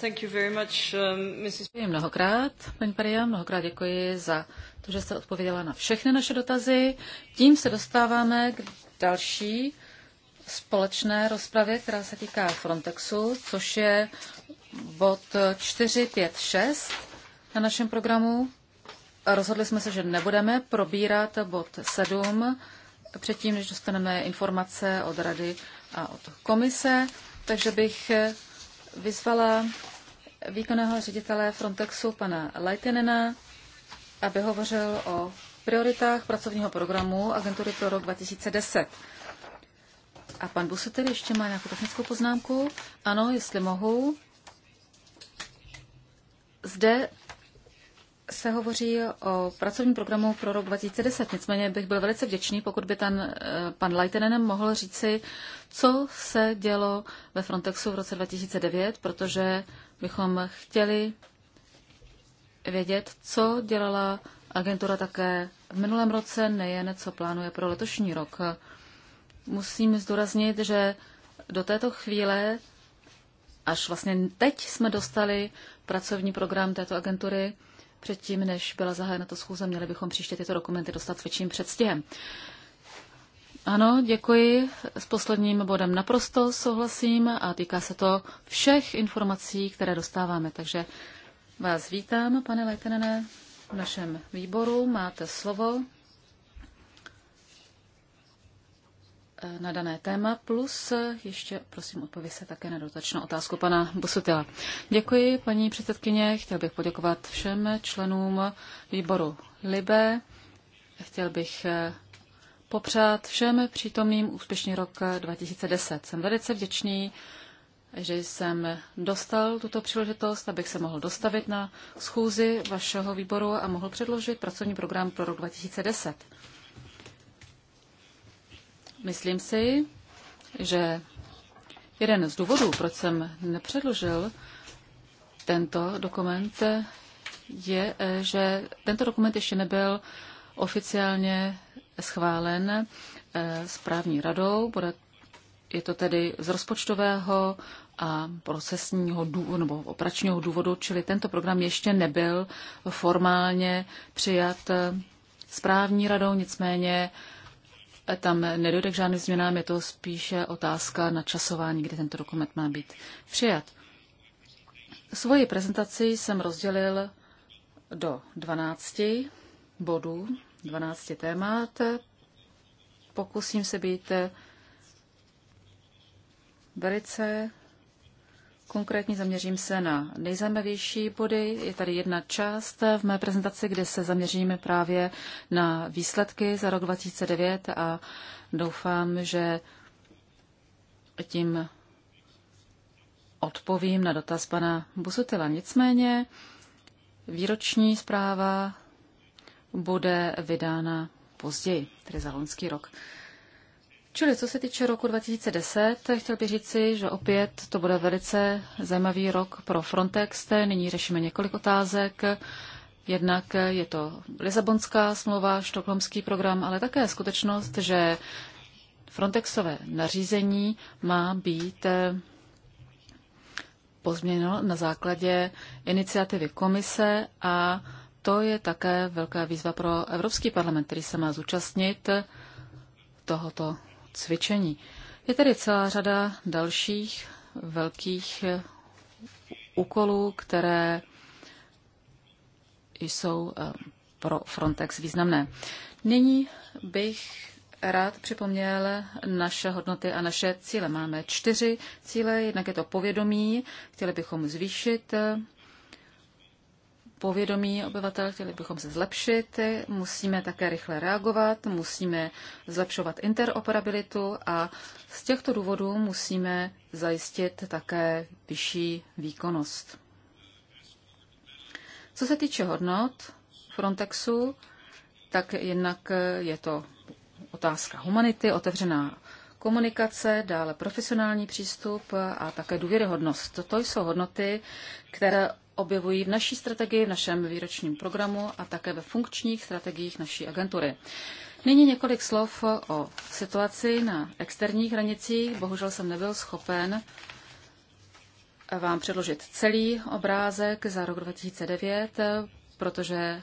Thank you very much, um, Mrs. Mnohokrát, paní Paria, mnohokrát děkuji za to, že jste odpověděla na všechny naše dotazy. Tím se dostáváme k další společné rozpravě, která se týká Frontexu, což je bod 456 na našem programu. Rozhodli jsme se, že nebudeme probírat bod 7 předtím, než dostaneme informace od Rady a od komise, takže bych vyzvala výkonného ředitele Frontexu pana Leitenena, aby hovořil o prioritách pracovního programu agentury pro rok 2010. A pan Busetel ještě má nějakou technickou poznámku? Ano, jestli mohu. Zde se hovoří o pracovním programu pro rok 2010, nicméně bych byl velice vděčný, pokud by ten eh, pan Leitenen mohl říci, co se dělo ve Frontexu v roce 2009, protože bychom chtěli vědět, co dělala agentura také v minulém roce, nejen co plánuje pro letošní rok. Musím zdůraznit, že do této chvíle, až vlastně teď jsme dostali pracovní program této agentury, předtím, než byla zahájena to schůze, měli bychom příště tyto dokumenty dostat s větším předstihem. Ano, děkuji. S posledním bodem naprosto souhlasím a týká se to všech informací, které dostáváme. Takže vás vítám, pane Leitenene, v našem výboru. Máte slovo eh, na dané téma, plus eh, ještě, prosím, odpověď se také na dotačnou otázku pana Busutila. Děkuji, paní předsedkyně. Chtěl bych poděkovat všem členům výboru LIBE. Chtěl bych eh, popřát všem přítomným úspěšný rok 2010. Jsem velice vděčný, že jsem dostal tuto příležitost, abych se mohl dostavit na schůzi vašeho výboru a mohl předložit pracovní program pro rok 2010. Myslím si, že jeden z důvodů, proč jsem nepředložil tento dokument, je, že tento dokument ještě nebyl oficiálně schválen eh, správní radou. Bude, je to tedy z rozpočtového a procesního důvodu, nebo operačního důvodu, čili tento program ještě nebyl formálně přijat eh, správní radou, nicméně eh, tam nedojde k žádným změnám, je to spíše otázka na časování, kdy tento dokument má být přijat. Svoji prezentaci jsem rozdělil do 12 bodů. 12 témat. Pokusím se být velice konkrétně, zaměřím se na nejzajímavější body. Je tady jedna část v mé prezentaci, kde se zaměříme právě na výsledky za rok 2009 a doufám, že tím odpovím na dotaz pana Busutila. Nicméně výroční zpráva bude vydána později, tedy za loňský rok. Čili co se týče roku 2010, chtěl bych říci, že opět to bude velice zajímavý rok pro Frontex. Nyní řešíme několik otázek. Jednak je to Lisabonská smlouva, štokholmský program, ale také skutečnost, že Frontexové nařízení má být eh, pozměněno na základě iniciativy komise a to je také velká výzva pro Evropský parlament, který se má zúčastnit tohoto cvičení. Je tedy celá řada dalších velkých úkolů, které jsou eh, pro Frontex významné. Nyní bych rád připomněl naše hodnoty a naše cíle. Máme čtyři cíle. Jednak je to povědomí, chtěli bychom zvýšit eh, povědomí obyvatel, chtěli bychom se zlepšit, musíme také rychle reagovat, musíme zlepšovat interoperabilitu a z těchto důvodů musíme zajistit také vyšší výkonnost. Co se týče hodnot Frontexu, tak jednak je to otázka humanity, otevřená komunikace, dále profesionální přístup a také důvěryhodnost. To jsou hodnoty, které objevují v naší strategii, v našem výročním programu a také ve funkčních strategiích naší agentury. Nyní několik slov o situaci na externích hranicích. Bohužel jsem nebyl schopen vám předložit celý obrázek za rok 2009, protože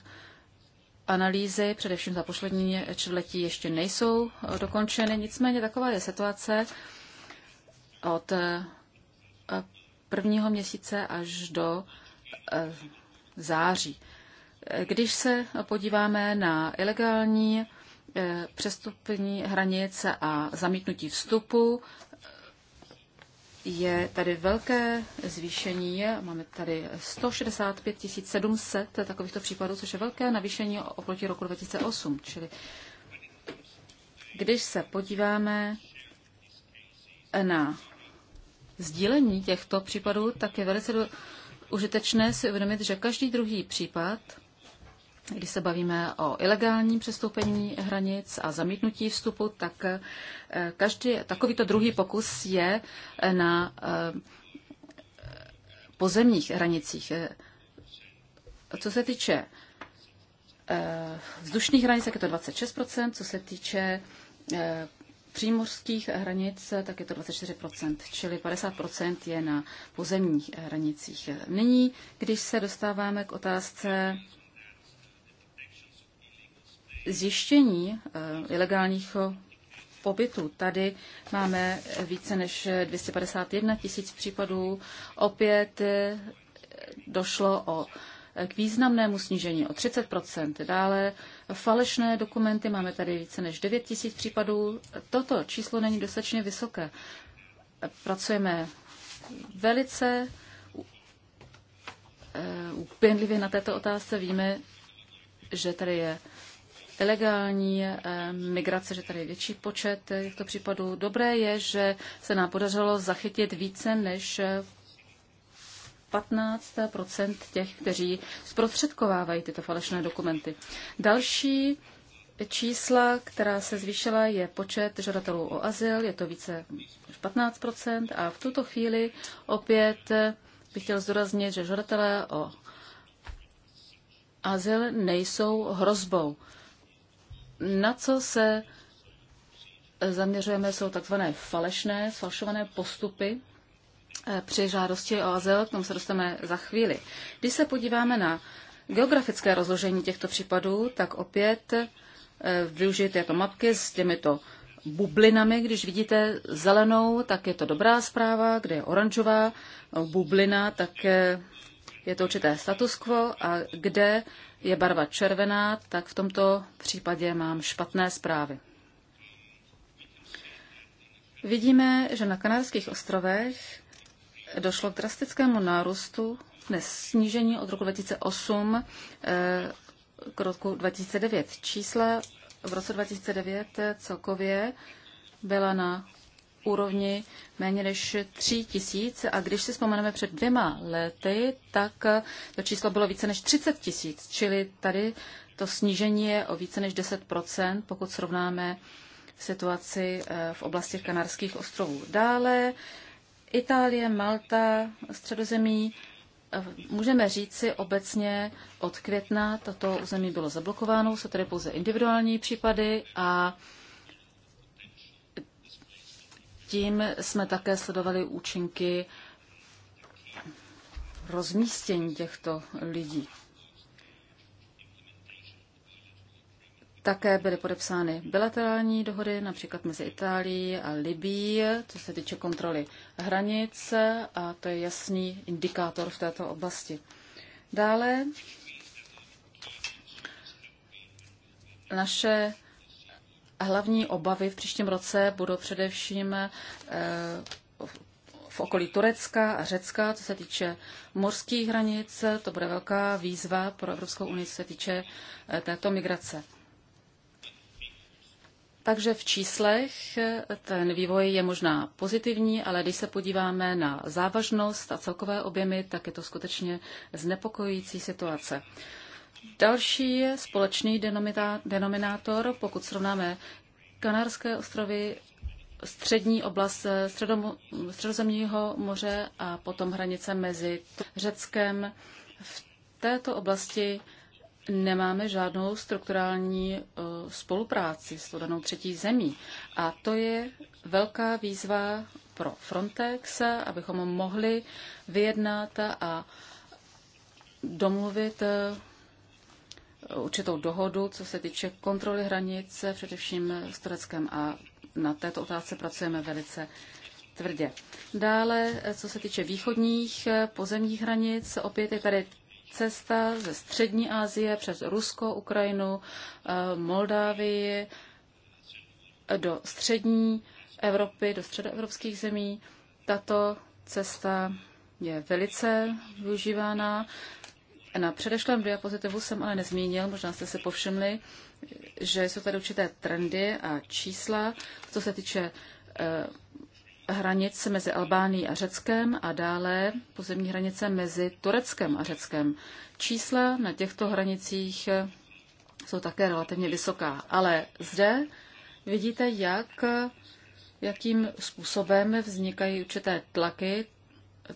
analýzy, především za poslední čtvrtletí, ještě nejsou dokončeny. Nicméně taková je situace od prvního měsíce až do Eh, září. Eh, když se podíváme na ilegální eh, přestupní hranice a zamítnutí vstupu, je tady velké zvýšení. Máme tady 165 700 takovýchto případů, což je velké navýšení oproti roku 2008. Čili když se podíváme na sdílení těchto případů, tak je velice užitečné si uvědomit, že každý druhý případ, když se bavíme o ilegálním přestoupení hranic a zamítnutí vstupu, tak eh, každý takovýto druhý pokus je eh, na eh, pozemních hranicích. Co se týče vzdušných hranic, tak je to 26%, co se týče přímořských hranic, tak je to 24%, čili 50% je na pozemních hranicích. Nyní, když se dostáváme k otázce zjištění eh, ilegálních pobytu. Tady máme více než 251 tisíc případů. Opět eh, došlo o k významnému snížení o 30 Dále falešné dokumenty, máme tady více než 9 tisíc případů. Toto číslo není dostatečně vysoké. Pracujeme velice úpěnlivě na této otázce. Víme, že tady je ilegální eh, migrace, že tady je větší počet těchto případů. Dobré je, že se nám podařilo zachytit více než 15 těch, kteří zprostředkovávají tyto falešné dokumenty. Další čísla, která se zvýšila, je počet žadatelů o azyl, je to více než 15 a v tuto chvíli opět bych chtěl zdůraznit, že žadatelé o azyl nejsou hrozbou. Na co se zaměřujeme, jsou takzvané falešné, falšované postupy, Eh, při žádosti o azyl, k tomu se dostaneme za chvíli. Když se podíváme na geografické rozložení těchto případů, tak opět eh, využijte této jako mapky s těmito bublinami. Když vidíte zelenou, tak je to dobrá zpráva, kde je oranžová bublina, tak eh, je to určité status quo a kde je barva červená, tak v tomto případě mám špatné zprávy. Vidíme, že na Kanárských ostrovech došlo k drastickému nárůstu, ne snížení od roku 2008 eh, k roku 2009. Čísla v roce 2009 celkově byla na úrovni méně než 3 tisíc a když si vzpomeneme před dvěma lety, tak to číslo bylo více než 30 tisíc, čili tady to snížení je o více než 10 pokud srovnáme situaci eh, v oblasti Kanárských ostrovů. Dále Itálie, Malta, Středozemí, eh, můžeme říci obecně od května toto území bylo zablokováno, jsou tedy pouze individuální případy a tím jsme také sledovali účinky rozmístění těchto lidí. Také byly podepsány bilaterální dohody, například mezi Itálií a Libí, co se týče kontroly hranic a to je jasný indikátor v této oblasti. Dále naše hlavní obavy v příštím roce budou především eh, v okolí Turecka a Řecka, co se týče mořských hranic. To bude velká výzva pro Evropskou unii, co se týče eh, této migrace. Takže v číslech ten vývoj je možná pozitivní, ale když se podíváme na závažnost a celkové objemy, tak je to skutečně znepokojující situace. Další je společný denominátor, pokud srovnáme Kanárské ostrovy, střední oblast Středomo středozemního moře a potom hranice mezi Řeckem. V této oblasti nemáme žádnou strukturální eh, spolupráci s danou třetí zemí. A to je velká výzva pro Frontex, abychom mohli vyjednat a domluvit eh, určitou dohodu, co se týče kontroly hranice, především s Tureckem a na této otázce pracujeme velice tvrdě. Dále, eh, co se týče východních pozemních hranic, opět je tady cesta ze Střední Asie přes Rusko, Ukrajinu, eh, Moldávii do střední Evropy, do středoevropských zemí. Tato cesta je velice využívána. Na předešlém diapozitivu jsem ale nezmínil, možná jste se povšimli, že jsou tady určité trendy a čísla, co se týče eh, hranic mezi Albánií a Řeckem a dále pozemní hranice mezi Tureckem a Řeckem. Čísla na těchto hranicích jsou také relativně vysoká, ale zde vidíte, jak, jakým způsobem vznikají určité tlaky,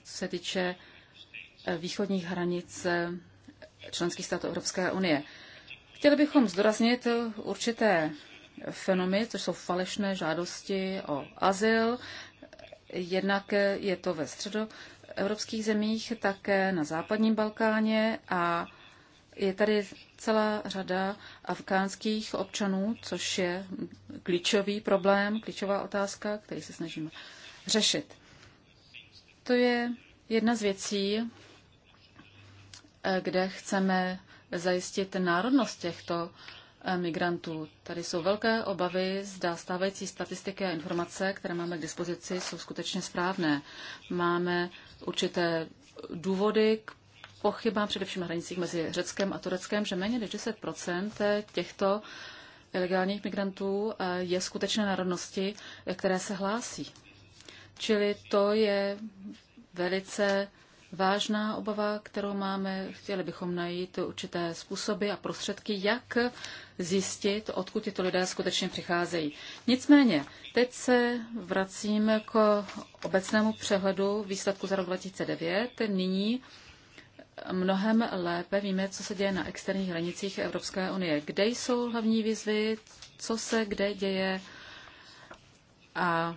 co se týče eh, východních hranic eh, členských států Evropské unie. Chtěli bychom zdoraznit určité fenomy, což jsou falešné žádosti o azyl. Jednak je to ve středoevropských zemích, také na západním Balkáně a je tady celá řada afgánských občanů, což je klíčový problém, klíčová otázka, který se snažíme řešit. To je jedna z věcí, eh, kde chceme zajistit národnost těchto migrantů. Tady jsou velké obavy, zda stávající statistiky a informace, které máme k dispozici, jsou skutečně správné. Máme určité důvody k pochybám, především na hranicích mezi Řeckem a Tureckem, že méně než 10 těchto ilegálních migrantů eh, je skutečné národnosti, které se hlásí. Čili to je velice vážná obava, kterou máme. Chtěli bychom najít určité způsoby a prostředky, jak zjistit, odkud tyto lidé skutečně přicházejí. Nicméně, teď se vracím k obecnému přehledu výsledku za rok 2009. Nyní mnohem lépe víme, co se děje na externích hranicích Evropské unie. Kde jsou hlavní výzvy, co se kde děje a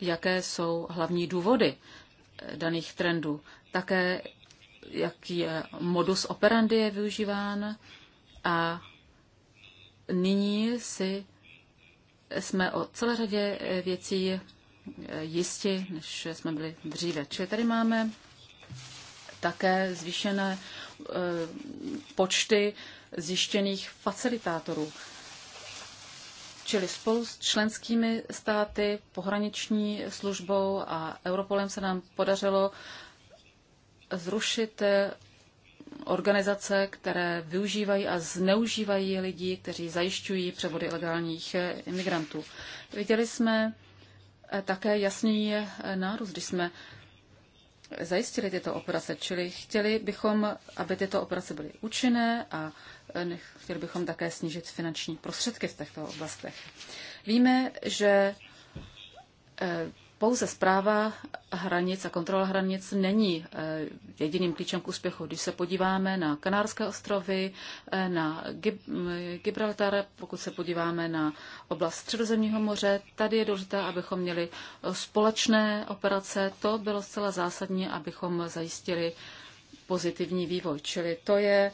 jaké jsou hlavní důvody daných trendů. Také, jaký je modus operandi je využíván a nyní si jsme o celé řadě věcí jisti, než jsme byli dříve. Čili tady máme také zvýšené eh, počty zjištěných facilitátorů. Čili spolu s členskými státy, pohraniční službou a Europolem se nám podařilo zrušit eh, organizace, které využívají a zneužívají lidi, kteří zajišťují převody ilegálních eh, imigrantů. Viděli jsme eh, také jasný nárůst, když jsme zajistili tyto operace, čili chtěli bychom, aby tyto operace byly účinné a Eh, chtěli bychom také snížit finanční prostředky v těchto oblastech. Víme, že eh, pouze zpráva hranic a kontrola hranic není eh, jediným klíčem k úspěchu. Když se podíváme na Kanárské ostrovy, na Gibraltar, pokud se podíváme na oblast Středozemního moře, tady je důležité, abychom měli společné operace. To bylo zcela zásadní, abychom zajistili pozitivní vývoj. Čili to je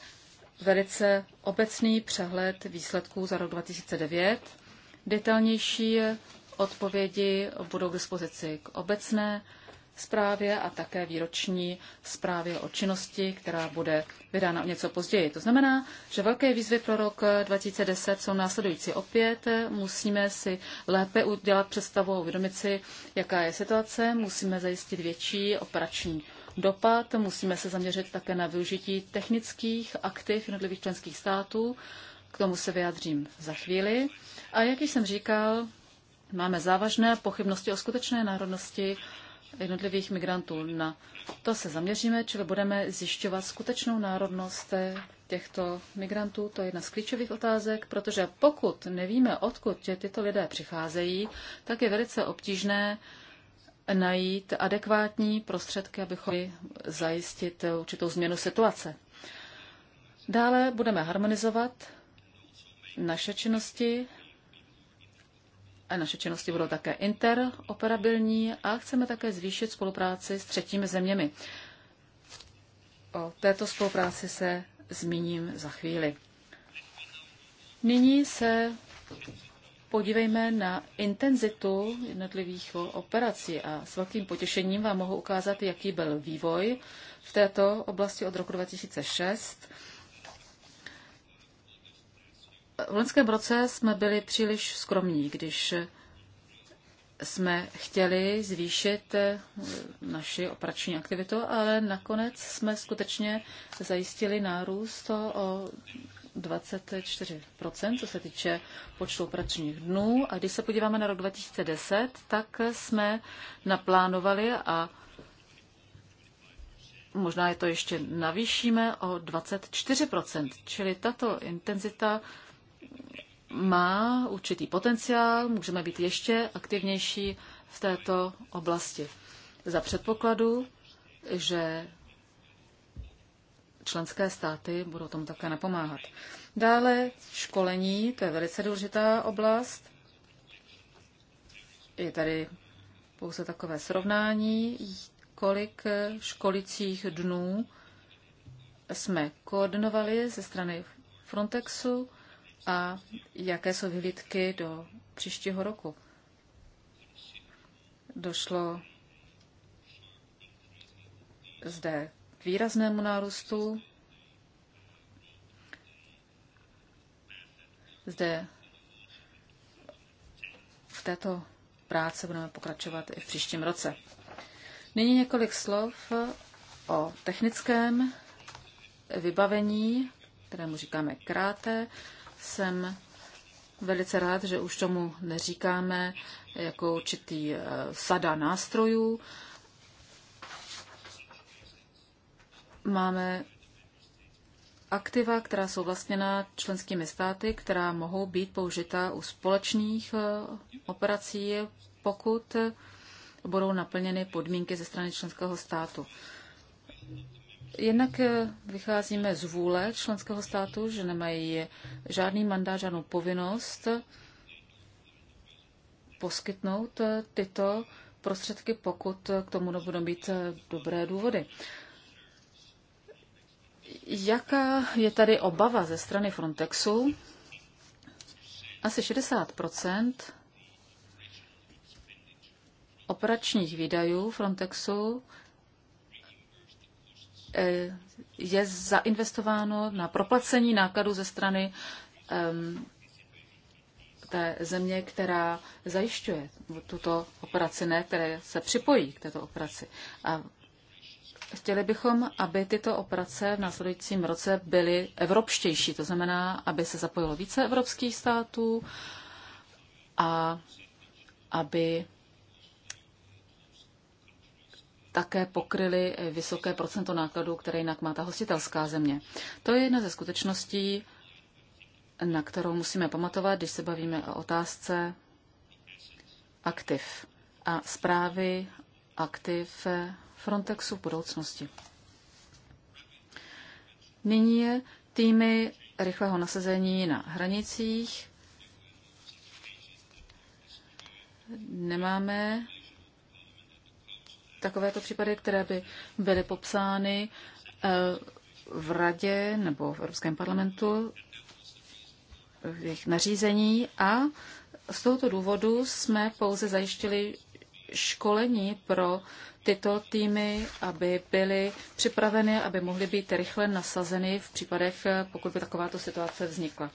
velice obecný přehled výsledků za rok 2009. Detailnější odpovědi budou k dispozici k obecné zprávě a také výroční zprávě o činnosti, která bude vydána o něco později. To znamená, že velké výzvy pro rok 2010 jsou následující. Opět musíme si lépe udělat představu a uvědomit si, jaká je situace. Musíme zajistit větší operační dopad. Musíme se zaměřit také na využití technických aktiv jednotlivých členských států. K tomu se vyjádřím za chvíli. A jak již jsem říkal, máme závažné pochybnosti o skutečné národnosti jednotlivých migrantů. Na to se zaměříme, čili budeme zjišťovat skutečnou národnost těchto migrantů. To je jedna z klíčových otázek, protože pokud nevíme, odkud tyto lidé přicházejí, tak je velice obtížné najít adekvátní prostředky, abychom zajistit určitou změnu situace. Dále budeme harmonizovat naše činnosti. A naše činnosti budou také interoperabilní a chceme také zvýšit spolupráci s třetími zeměmi. O této spolupráci se zmíním za chvíli. Nyní se podívejme na intenzitu jednotlivých operací a s velkým potěšením vám mohu ukázat, jaký byl vývoj v této oblasti od roku 2006. V loňském roce jsme byli příliš skromní, když jsme chtěli zvýšit naši operační aktivitu, ale nakonec jsme skutečně zajistili nárůst o 24%, co se týče počtu operačních dnů. A když se podíváme na rok 2010, tak jsme naplánovali a možná je to ještě navýšíme o 24%. Čili tato intenzita má určitý potenciál, můžeme být ještě aktivnější v této oblasti. Za předpokladu, že členské státy budou tomu také napomáhat. Dále školení, to je velice důležitá oblast. Je tady pouze takové srovnání, kolik školicích dnů jsme koordinovali ze strany Frontexu a jaké jsou vyhlídky do příštího roku. Došlo zde výraznému nárůstu. Zde v této práci budeme pokračovat i v příštím roce. Nyní několik slov o technickém vybavení, kterému říkáme kráté. Jsem velice rád, že už tomu neříkáme jako určitý eh, sada nástrojů, máme aktiva, která jsou vlastněna členskými státy, která mohou být použita u společných eh, operací, pokud budou naplněny podmínky ze strany členského státu. Jednak eh, vycházíme z vůle členského státu, že nemají žádný mandát, žádnou povinnost poskytnout eh, tyto prostředky, pokud k tomu nebudou být dobré důvody. Jaká je tady obava ze strany Frontexu? Asi 60 operačních výdajů Frontexu eh, je zainvestováno na proplacení nákladů ze strany té země, která zajišťuje tuto operaci, ne které se připojí k této operaci. A Chtěli bychom, aby tyto operace v následujícím roce byly evropštější, to znamená, aby se zapojilo více evropských států a aby také pokryly vysoké procento nákladů, které jinak má ta hostitelská země. To je jedna ze skutečností, na kterou musíme pamatovat, když se bavíme o otázce aktiv a zprávy aktiv Frontexu v budoucnosti. Nyní je týmy rychlého nasazení na hranicích. Nemáme takovéto případy, které by byly popsány eh, v radě nebo v Evropském parlamentu v jejich nařízení a z tohoto důvodu jsme pouze zajištili školení pro tyto týmy, aby byly připraveny, aby mohly být rychle nasazeny v případech, pokud by takováto situace vznikla.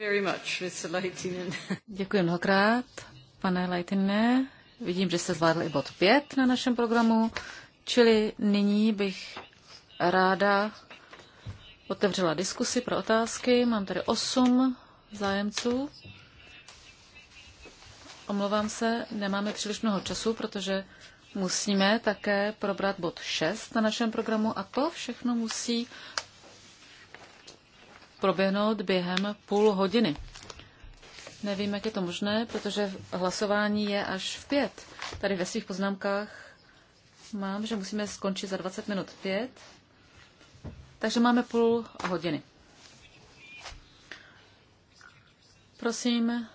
Děkuji mnohokrát, pane Leitine. Vidím, že jste zvládl i bod 5 na našem programu, čili nyní bych ráda otevřela diskusi pro otázky. Mám tady osm zájemců. Omlouvám se, nemáme příliš mnoho času, protože musíme také probrat bod 6 na našem programu a to všechno musí proběhnout během půl hodiny. Nevím, jak je to možné, protože hlasování je až v pět. Tady ve svých poznámkách mám, že musíme skončit za 20 minut pět, takže máme půl hodiny. Prosím,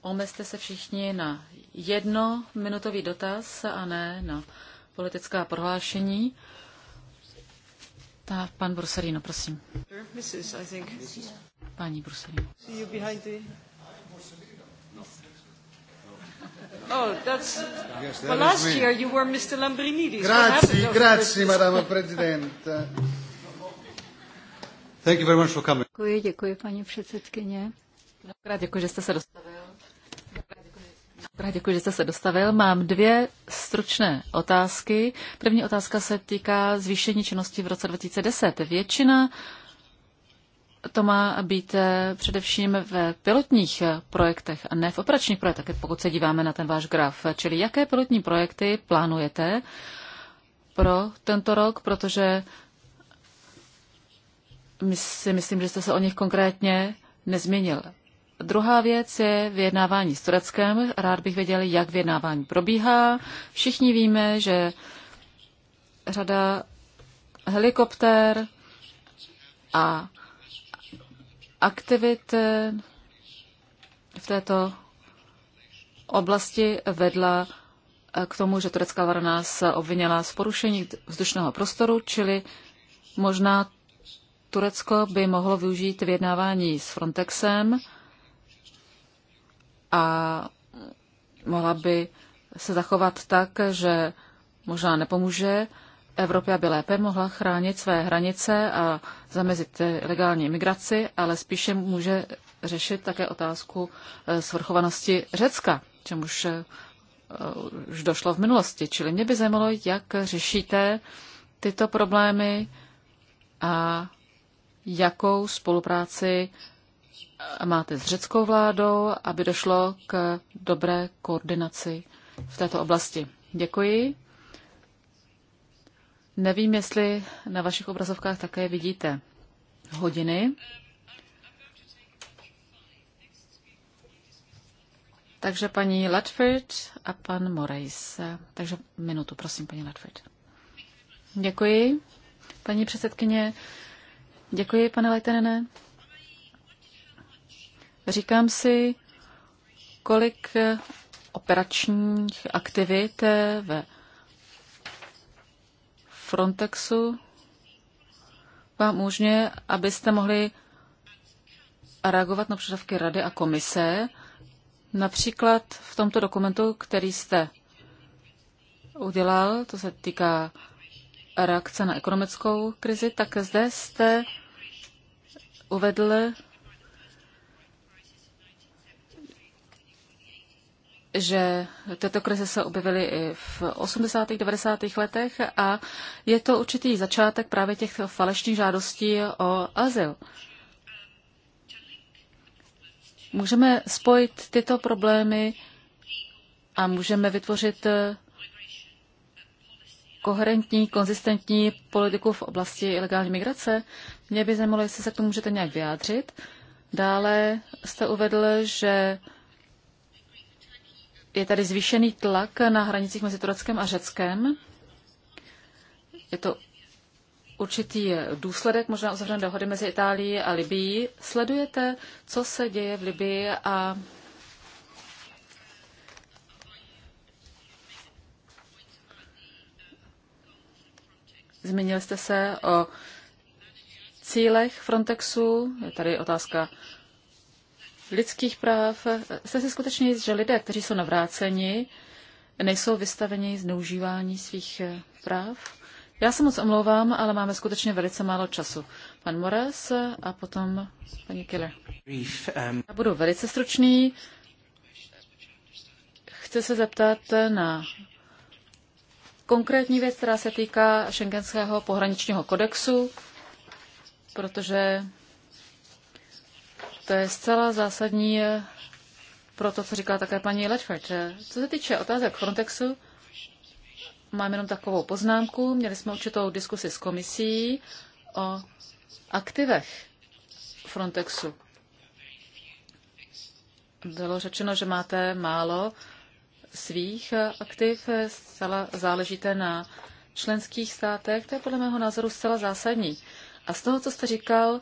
omezte se všichni na jedno minutový dotaz a ne na politická prohlášení. Ta, pan Bruserino, prosím. Mrs. I think. Paní Bruserino. See you behind the... Oh, that's... Yes, well, last year you were Mr. Lambrinidis. Grazie, grazie, madame Presidente. Thank you very much for coming. Děkuji, děkuji, paní předsedkyně. Mnohokrát děkuji, že jste se dostavil. Děkuji, že jste se dostavil. Mám dvě stručné otázky. První otázka se týká zvýšení činnosti v roce 2010. Většina to má být eh, především v pilotních eh, projektech a ne v operačních projektech, pokud se díváme na ten váš graf. Čili jaké pilotní projekty plánujete pro tento rok, protože my si myslím, že jste se o nich konkrétně nezměnil. Druhá věc je vyjednávání s Tureckem. Rád bych věděl, jak vyjednávání probíhá. Všichni víme, že řada helikoptér a aktivit eh, v této oblasti vedla eh, k tomu, že turecká vláda nás obvinila z porušení vzdušného prostoru, čili možná Turecko by mohlo využít vyjednávání s Frontexem a mohla by se zachovat tak, že možná nepomůže Evropě, aby lépe mohla chránit své hranice a zamezit legální migraci, ale spíše může řešit také otázku eh, svrchovanosti Řecka, čemuž eh, už došlo v minulosti. Čili mě by zajímalo, jak řešíte tyto problémy a jakou spolupráci máte s řeckou vládou, aby došlo k dobré koordinaci v této oblasti. Děkuji. Nevím, jestli na vašich obrazovkách také vidíte hodiny. Takže paní Ledford a pan Morejs. Takže minutu, prosím, paní Ledford. Děkuji, paní předsedkyně. Děkuji, pane Leitenene. Říkám si, kolik operačních aktivit ve Frontexu vám umožňuje, abyste mohli reagovat na požadavky Rady a komise, například v tomto dokumentu, který jste udělal, to se týká reakce na ekonomickou krizi, tak zde jste uvedl že tyto krize se objevily i v 80. 90. letech a je to určitý začátek právě těch falešných žádostí o azyl. Můžeme spojit tyto problémy a můžeme vytvořit koherentní, konzistentní politiku v oblasti ilegální migrace. Mě by zajímalo, jestli se k tomu můžete nějak vyjádřit. Dále jste uvedl, že je tady zvýšený tlak na hranicích mezi Tureckem a Řeckem. Je to určitý důsledek možná uzavřené dohody mezi Itálií a Libií. Sledujete, co se děje v Libii a Zmínil jste se o cílech Frontexu. Je tady otázka lidských práv. Jste si skutečně jist, že lidé, kteří jsou navráceni, nejsou vystaveni zneužívání svých eh, práv? Já se moc omlouvám, ale máme skutečně velice málo času. Pan Moraes a potom paní Killer. Já budu velice stručný. Chci se zeptat na konkrétní věc, která se týká šengenského pohraničního kodexu, protože to je zcela zásadní eh, pro to, co říkala také paní Ledford. Co se týče otázek Frontexu, mám jenom takovou poznámku. Měli jsme určitou diskusi s komisí o aktivech Frontexu. Bylo řečeno, že máte málo svých aktiv, eh, zcela záležíte na členských státech. To je podle mého názoru zcela zásadní. A z toho, co jste říkal,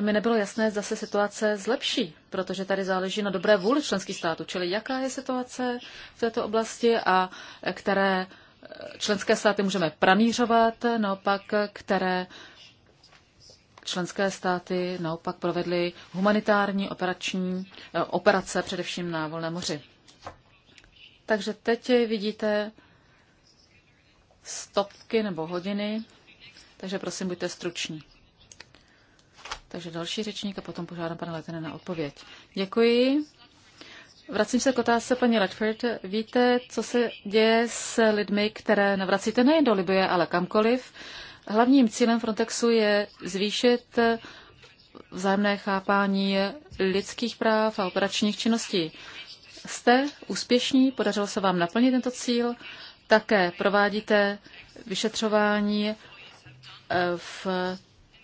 mi nebylo jasné, zda se situace zlepší, protože tady záleží na dobré vůli členských států, čili jaká je situace v této oblasti a které členské státy můžeme pranířovat, naopak které členské státy naopak provedly humanitární operační eh, operace, především na volné moři. Takže teď vidíte stopky nebo hodiny, takže prosím, buďte struční. Takže další řečník a potom požádám pana Letena na odpověď. Děkuji. Vracím se k otázce paní Ledford. Víte, co se děje s lidmi, které navracíte nejen do Libie, ale kamkoliv? Hlavním cílem Frontexu je zvýšit vzájemné chápání lidských práv a operačních činností. Jste úspěšní, podařilo se vám naplnit tento cíl, také provádíte vyšetřování eh, v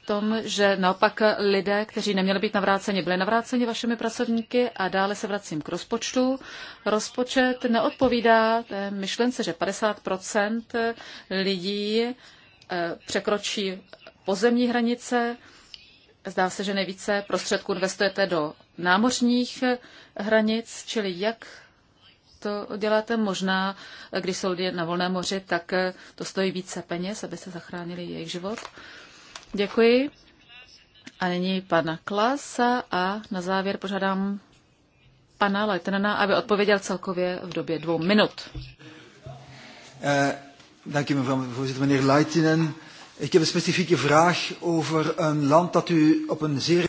tom, že naopak lidé, kteří neměli být navráceni, byli navráceni vašimi pracovníky a dále se vracím k rozpočtu. Rozpočet neodpovídá té myšlence, že 50% lidí eh, překročí pozemní hranice. Zdá se, že nejvíce prostředků investujete do námořních hranic, čili jak to děláte. Možná, eh, když jsou lidé na volné moři, tak eh, to stojí více peněz, aby se zachránili jejich život. Děkuji. A nyní pana Klasa a na závěr požádám pana Leitnana, aby odpověděl celkově v době dvou minut. Eh, Děkuji u mevrouw voorzitter, Pane Leitinen. Ik heb een specifieke vraag over een land dat u op een zeer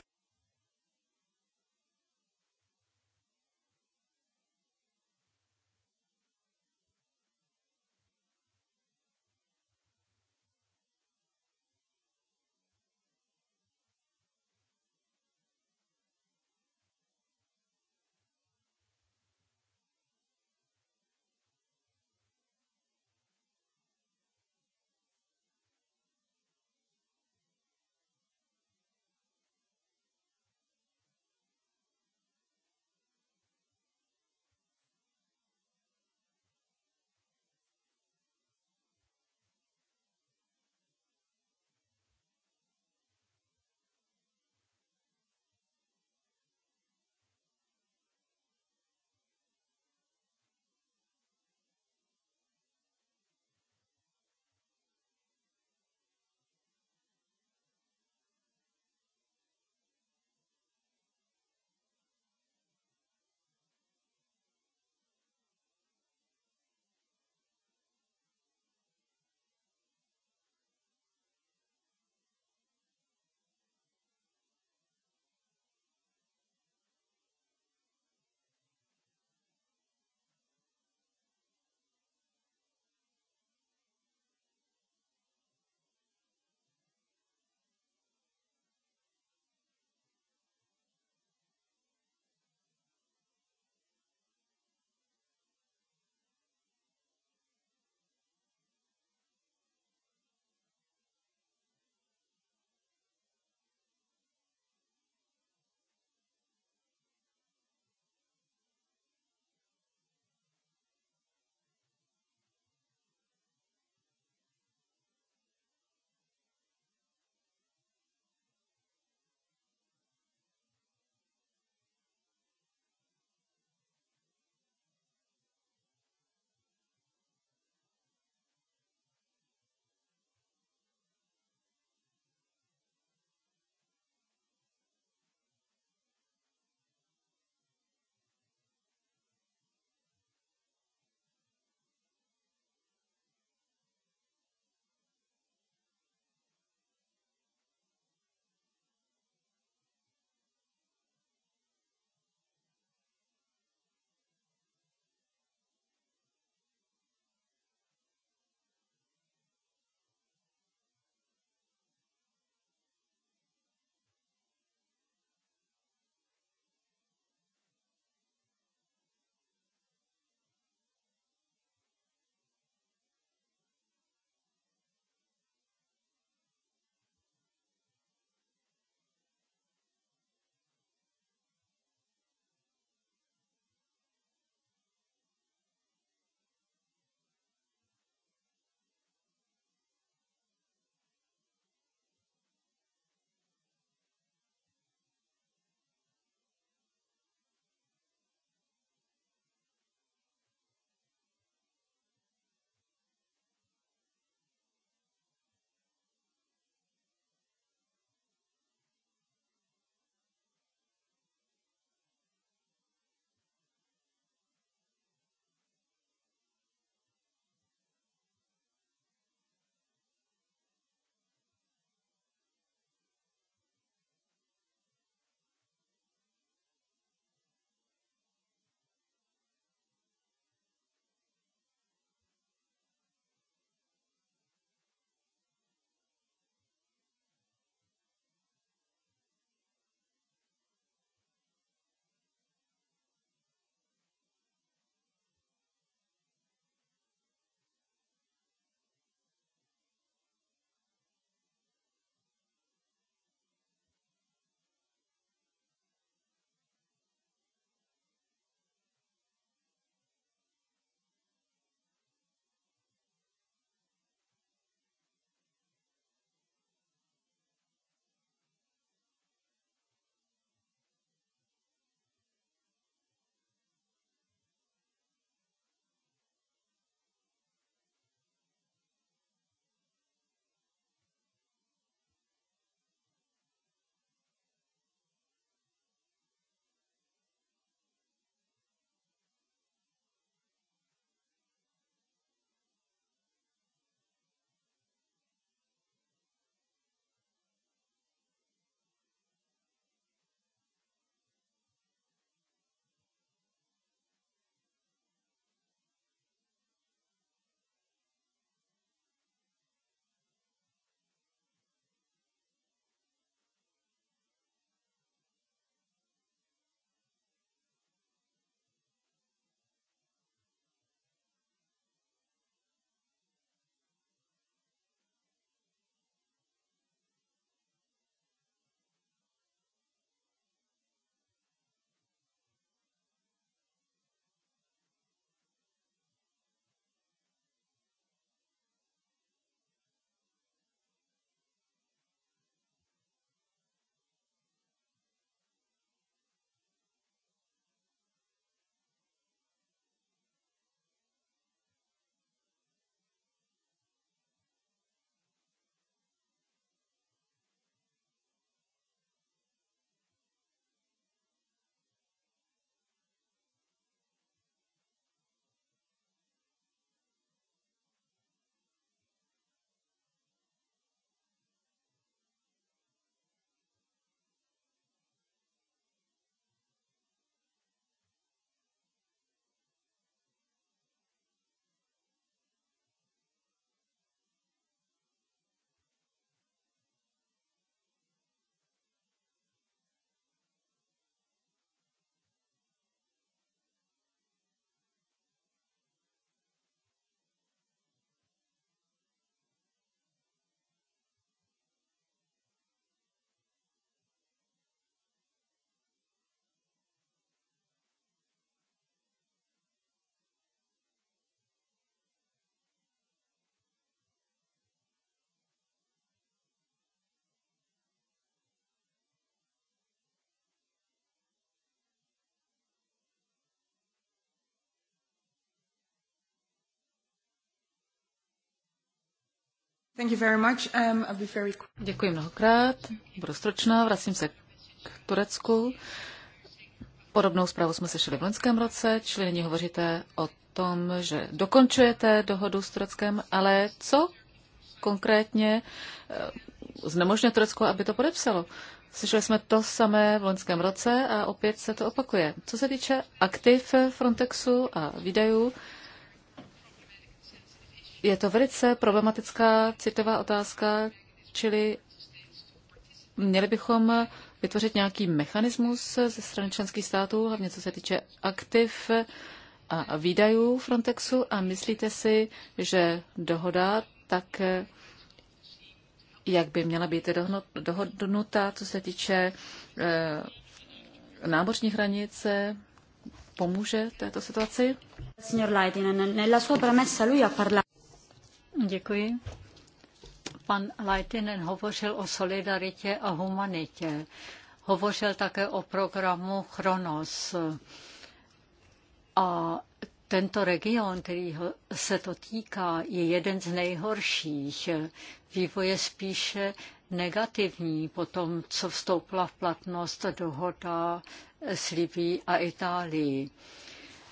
Um, Děkuji mnohokrát. Budu stručná, vracím se k Turecku. Podobnou zprávu jsme sešli v loňském roce, čili nyní hovoříte o tom, že dokončujete dohodu s Tureckem, ale co konkrétně eh, znemožňuje Turecko, aby to podepsalo? Slyšeli jsme to samé v loňském roce a opět se to opakuje. Co se týče aktiv Frontexu a výdajů, je to velice problematická citová otázka, čili měli bychom vytvořit nějaký mechanismus ze strany členských států, hlavně co se týče aktiv a výdajů Frontexu a myslíte si, že dohoda tak jak by měla být dohodnuta, co se týče eh, námořní hranice, pomůže této situaci? Signor Leitinen, nella sua premessa lui ha parlato... Děkuji. Pan Leitinen hovořil o solidaritě a humanitě. Hovořil také o programu Chronos. A tento region, který se to týká, je jeden z nejhorších. Vývoj je spíše negativní po tom, co vstoupila v platnost dohoda s Libií a Itálií.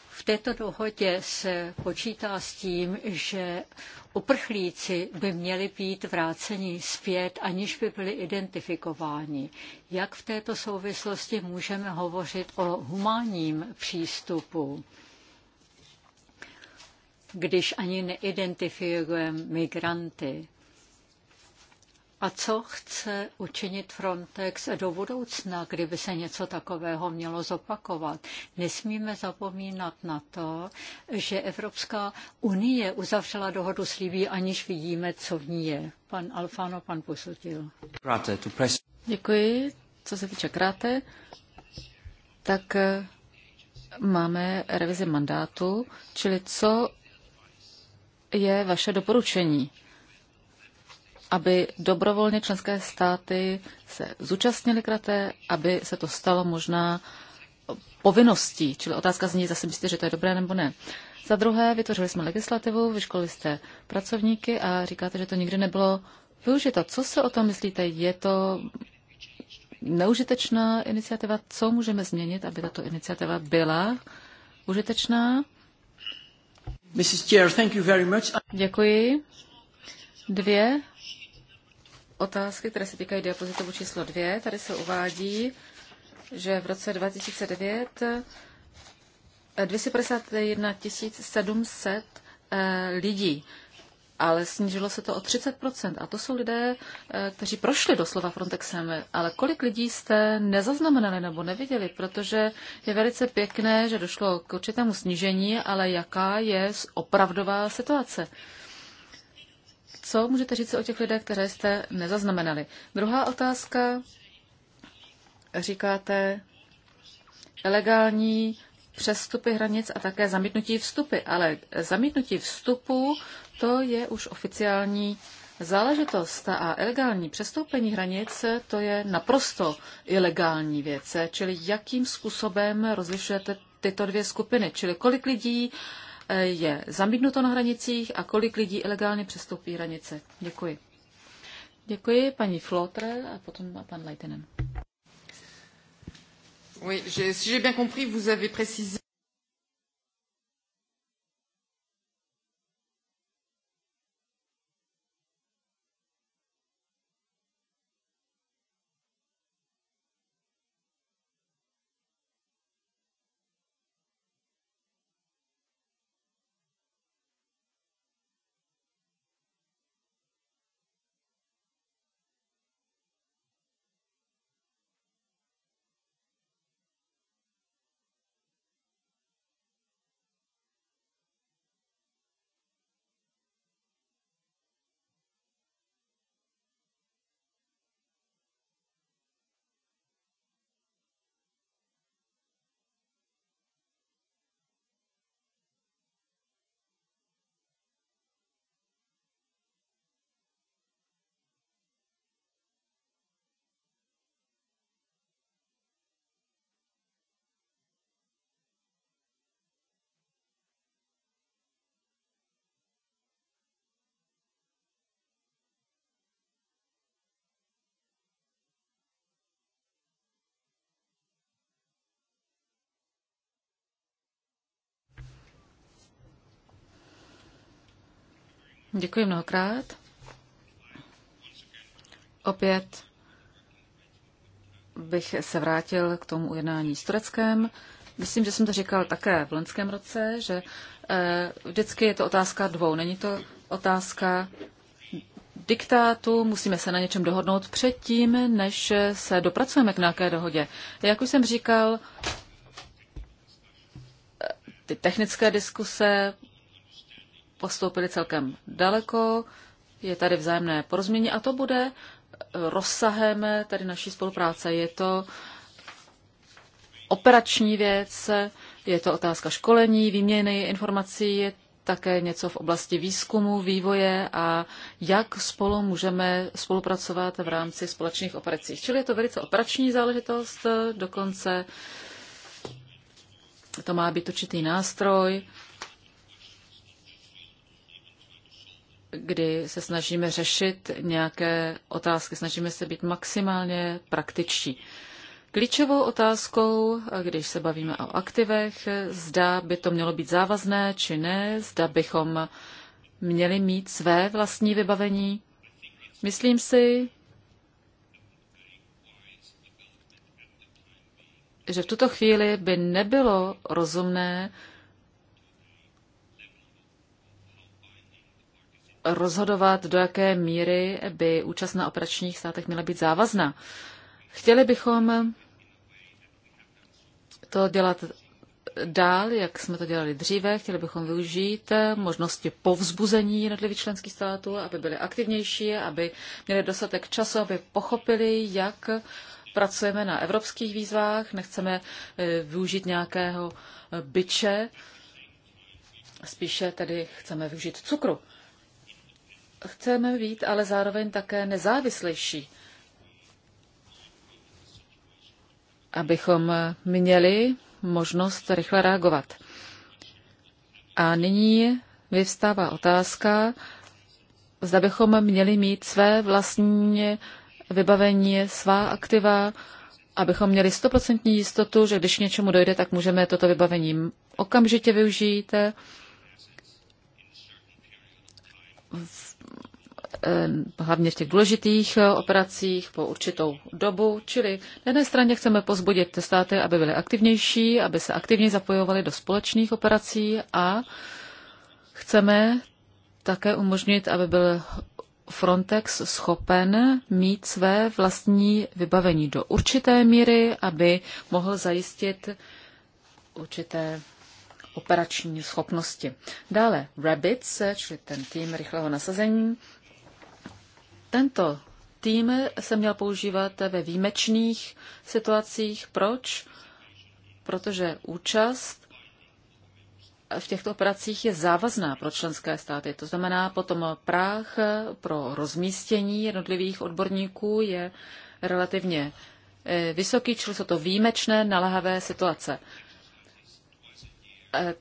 V této dohodě se počítá s tím, že uprchlíci by měli být vráceni zpět, aniž by byli identifikováni. Jak v této souvislosti můžeme hovořit o humánním přístupu, když ani neidentifikujeme migranty? A co chce učinit Frontex do budoucna, kdyby se něco takového mělo zopakovat? Nesmíme zapomínat na to, že Evropská unie uzavřela dohodu s Libí, aniž vidíme, co v ní je. Pan Alfano, pan Posutil. Děkuji. Co se týče kráte, tak eh, máme revizi mandátu, čili co je vaše doporučení? aby dobrovolně členské státy se zúčastnily kraté, aby se to stalo možná povinností. Čili otázka zní, zase myslíte, že to je dobré nebo ne. Za druhé, vytvořili jsme legislativu, vyškolili jste pracovníky a říkáte, že to nikdy nebylo využito. Co se o tom myslíte? Je to neužitečná iniciativa? Co můžeme změnit, aby tato iniciativa byla užitečná? Mrs. Chair, thank you very much. Děkuji. Dvě otázky, které se týkají diapozitivu číslo 2. Tady se uvádí, že v roce 2009 251 700 lidí, ale snížilo se to o 30%. A to jsou lidé, eh, kteří prošli doslova Frontexem. Ale kolik lidí jste nezaznamenali nebo neviděli? Protože je velice pěkné, že došlo k určitému snížení, ale jaká je opravdová situace? Co můžete říct o těch lidech, které jste nezaznamenali? Druhá otázka. Říkáte legální přestupy hranic a také zamítnutí vstupy. Ale zamítnutí vstupu, to je už oficiální záležitost a ilegální přestoupení hranice, to je naprosto ilegální věc. Čili jakým způsobem rozlišujete tyto dvě skupiny? Čili kolik lidí uh, je zamítnuto na hranicích a kolik lidí ilegálně přestoupí hranice. Děkuji. Děkuji paní Flotter, a potom pan Leitenen. Oui, si j'ai bien compris, vous avez précisé... Děkuji mnohokrát. Opět bych se vrátil k tomu ujednání s Tureckem. Myslím, že jsem to říkal také v loňském roce, že eh, vždycky je to otázka dvou. Není to otázka diktátu, musíme se na něčem dohodnout předtím, než se dopracujeme k nějaké dohodě. Jak už jsem říkal, eh, ty technické diskuse, postoupili celkem daleko, je tady vzájemné porozumění a to bude rozsahem tady naší spolupráce. Je to operační věc, je to otázka školení, výměny informací, je také něco v oblasti výzkumu, vývoje a jak spolu můžeme spolupracovat v rámci společných operací. Čili je to velice operační záležitost, dokonce to má být určitý nástroj, kdy se snažíme řešit nějaké otázky, snažíme se být maximálně praktičtí. Klíčovou otázkou, když se bavíme o aktivech, zda by to mělo být závazné či ne, zda bychom měli mít své vlastní vybavení. Myslím si, že v tuto chvíli by nebylo rozumné rozhodovat, do jaké míry by účast na operačních státech měla být závazná. Chtěli bychom to dělat dál, jak jsme to dělali dříve. Chtěli bychom využít možnosti povzbuzení jednotlivých členských států, aby byli aktivnější, aby měli dostatek času, aby pochopili, jak pracujeme na evropských výzvách. Nechceme eh, využít nějakého eh, byče, spíše tedy chceme využít cukru. Chceme být ale zároveň také nezávislejší, abychom měli možnost rychle reagovat. A nyní vyvstává otázka, zda bychom měli mít své vlastní vybavení, svá aktiva, abychom měli stoprocentní jistotu, že když něčemu dojde, tak můžeme toto vybavení okamžitě využít. Eh, hlavně v těch důležitých eh, operacích po určitou dobu, čili na jedné straně chceme pozbudit státy, aby byly aktivnější, aby se aktivně zapojovaly do společných operací a chceme také umožnit, aby byl Frontex schopen mít své vlastní vybavení do určité míry, aby mohl zajistit určité operační schopnosti. Dále Rabbits, eh, čili ten tým rychlého nasazení, tento tým se měl používat ve výjimečných situacích. Proč? Protože účast v těchto operacích je závazná pro členské státy. To znamená, potom práh pro rozmístění jednotlivých odborníků je relativně eh, vysoký, čili jsou to výjimečné, nalahavé situace. Eh,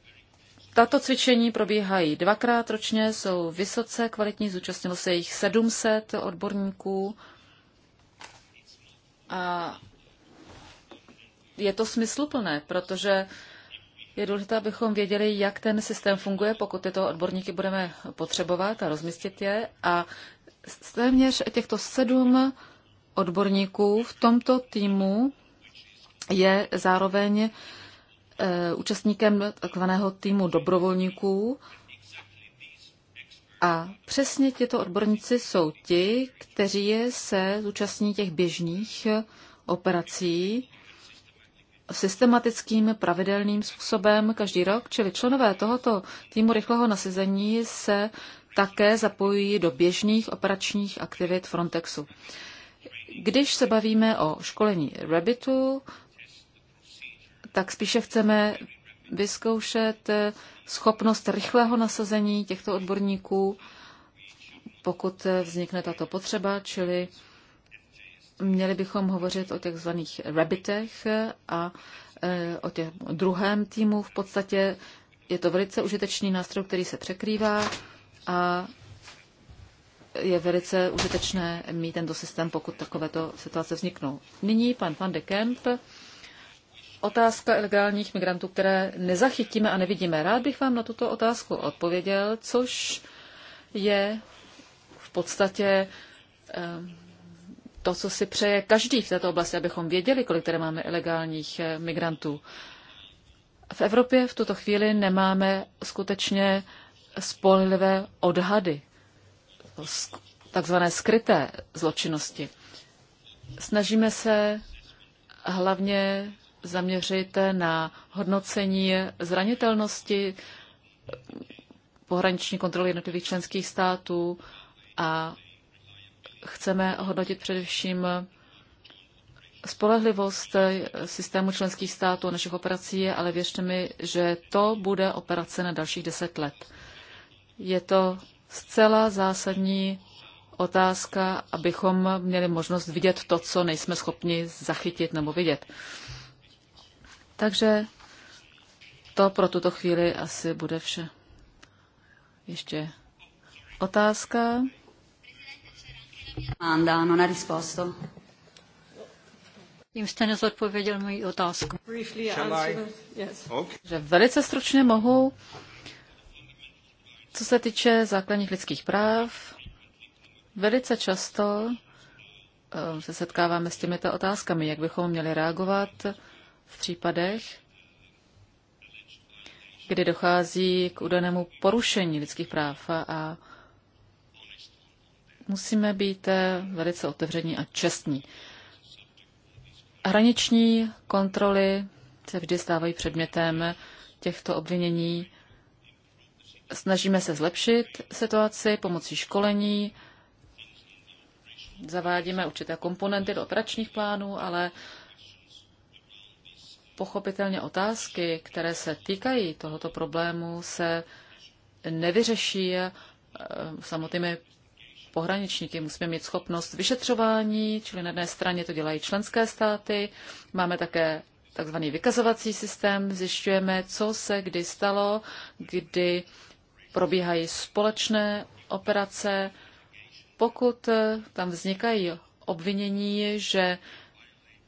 tato cvičení probíhají dvakrát ročně, jsou vysoce kvalitní, zúčastnilo se jich 700 odborníků a je to smysluplné, protože je důležité, abychom věděli, jak ten systém funguje, pokud tyto odborníky budeme potřebovat a rozmístit je. A téměř těchto sedm odborníků v tomto týmu je zároveň Eh, účastníkem takzvaného týmu dobrovolníků a přesně tyto odborníci jsou ti, kteří se zúčastní těch běžných operací systematickým, pravidelným způsobem každý rok, čili členové tohoto týmu rychlého nasazení se také zapojují do běžných operačních aktivit Frontexu. Když se bavíme o školení Rabbitu, tak spíše chceme vyzkoušet eh, schopnost rychlého nasazení těchto odborníků, pokud eh, vznikne tato potřeba, čili měli bychom hovořit o těch zvaných rabbitech eh, a o těch druhém týmu. V podstatě je to velice užitečný nástroj, který se překrývá a je velice užitečné mít tento systém, pokud takovéto situace vzniknou. Nyní pan Van de Kemp otázka ilegálních migrantů, které nezachytíme a nevidíme. Rád bych vám na tuto otázku odpověděl, což je v podstatě ehm, to, co si přeje každý v této oblasti, abychom věděli, kolik tady máme ilegálních eh, migrantů. V Evropě v tuto chvíli nemáme skutečně spolehlivé odhady takzvané skryté zločinnosti. Snažíme se hlavně zaměřit na hodnocení zranitelnosti pohraniční kontroly jednotlivých členských států a chceme hodnotit především spolehlivost systému členských států a našich operací, ale věřte mi, že to bude operace na dalších deset let. Je to zcela zásadní otázka, abychom měli možnost vidět to, co nejsme schopni zachytit nebo vidět. Takže to pro tuto chvíli asi bude vše. Ještě otázka. Anda, non ha risposto. Tím jste nezodpověděl moji otázku. Že velice stručně mohu, co se týče základních lidských práv, velice často eh, se setkáváme s těmito otázkami, jak bychom měli reagovat v případech, kdy dochází k údanému porušení lidských práv a musíme být eh, velice otevření a čestní. Hraniční kontroly se vždy stávají předmětem těchto obvinění. Snažíme se zlepšit situaci pomocí školení, zavádíme určité komponenty do operačních plánů, ale pochopitelně otázky, které se týkají tohoto problému, se nevyřeší eh, samotnými pohraničníky. Musíme mít schopnost vyšetřování, čili na jedné straně to dělají členské státy. Máme také takzvaný vykazovací systém. Zjišťujeme, co se kdy stalo, kdy probíhají společné operace. Pokud eh, tam vznikají obvinění, že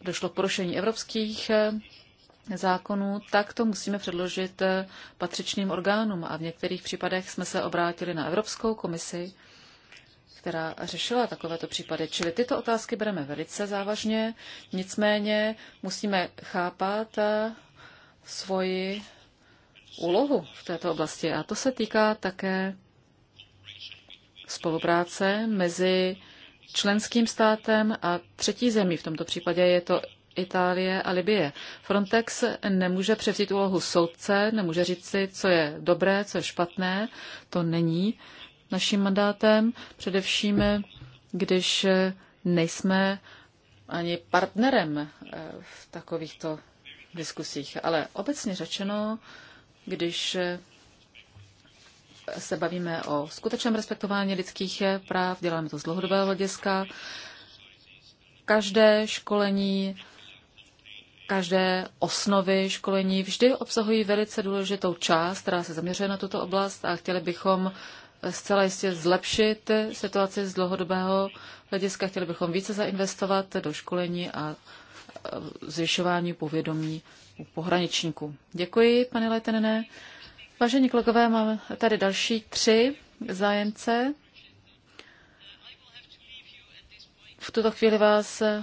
došlo k porušení evropských eh, zákonů, tak to musíme předložit eh, patřičným orgánům. A v některých případech jsme se obrátili na Evropskou komisi, která řešila takovéto případy. Čili tyto otázky bereme velice závažně, nicméně musíme chápat eh, svoji úlohu v této oblasti. A to se týká také spolupráce mezi členským státem a třetí zemí. V tomto případě je to Itálie a Libie. Frontex nemůže převzít úlohu soudce, nemůže říct si, co je dobré, co je špatné. To není naším mandátem, především když nejsme ani partnerem eh, v takovýchto diskusích. Ale obecně řečeno, když eh, se bavíme o skutečném respektování lidských eh, práv, děláme to z dlouhodobého hlediska. Každé školení Každé osnovy školení vždy obsahují velice důležitou část, která se zaměřuje na tuto oblast a chtěli bychom zcela jistě zlepšit situaci z dlouhodobého hlediska. Chtěli bychom více zainvestovat do školení a e, zvyšování povědomí u pohraničníků. Děkuji, pane Letenené. Vážení kolegové, máme tady další tři zájemce. V tuto chvíli vás e,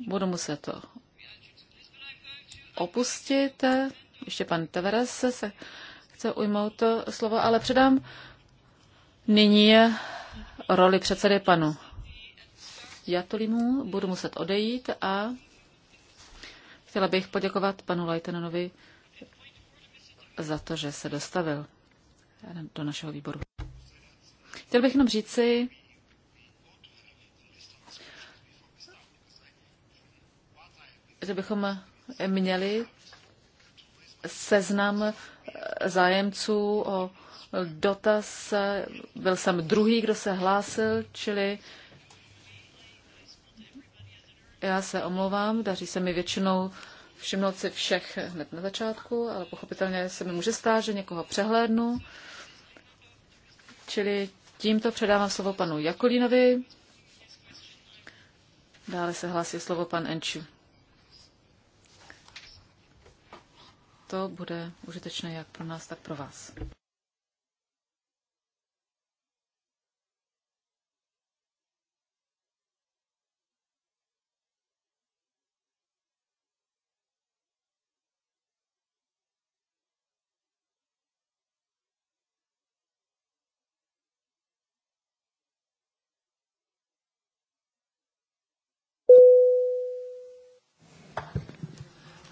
budu muset opustit. Ještě pan Tavares se chce ujmout to slovo, ale předám nyní roli předsedy panu Jatolimu. Budu muset odejít a chtěla bych poděkovat panu Leitenenovi za to, že se dostavil do našeho výboru. Chtěl bych jenom říci, že bychom měli seznam eh, zájemců o dotaz. Byl jsem druhý, kdo se hlásil, čili já se omlouvám, daří se mi většinou všimnout si všech hned na začátku, ale pochopitelně se mi může stát, že někoho přehlédnu. Čili tímto předávám slovo panu Jakolínovi. Dále se hlásí slovo pan Enču. to bude užitečné jak pro nás, tak pro vás.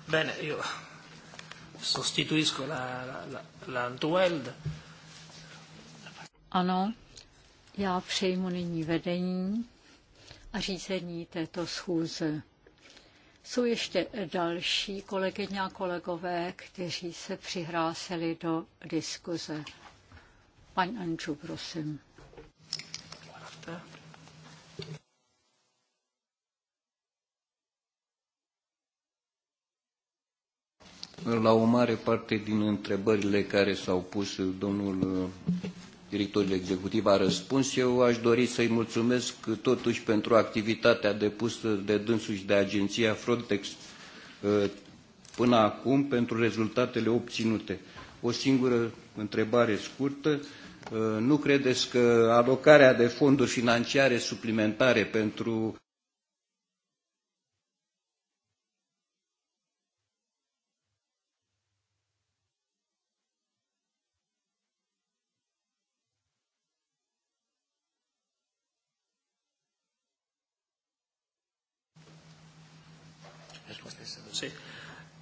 Bene, io sostituisco la, la, la Ano, já přejmu nyní vedení a řízení této schůze. Jsou ještě další kolegyně a kolegové, kteří se přihlásili do diskuze. Pan Anču, prosím. la o mare parte din întrebările care s-au pus domnul uh, directorul executiv a răspuns. Eu aș dori să-i mulțumesc totuși pentru activitatea depusă de dânsuși de agenția Frontex uh, până acum pentru rezultatele obținute. O singură întrebare scurtă. Uh, nu credeți că alocarea de fonduri financiare suplimentare pentru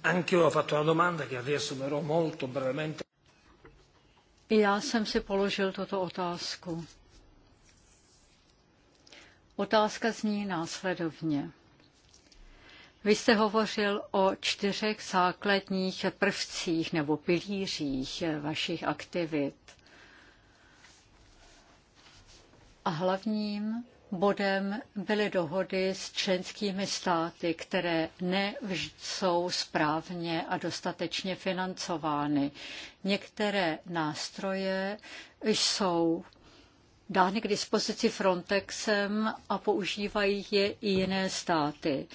I Já jsem si položil tuto otázku. Otázka zní následovně. Vy jste hovořil o čtyřech základních prvcích nebo pilířích vašich aktivit. A hlavním bodem byly dohody s členskými státy, které ne jsou správně a dostatečně financovány. Některé nástroje jsou dány k dispozici Frontexem a používají je i jiné státy.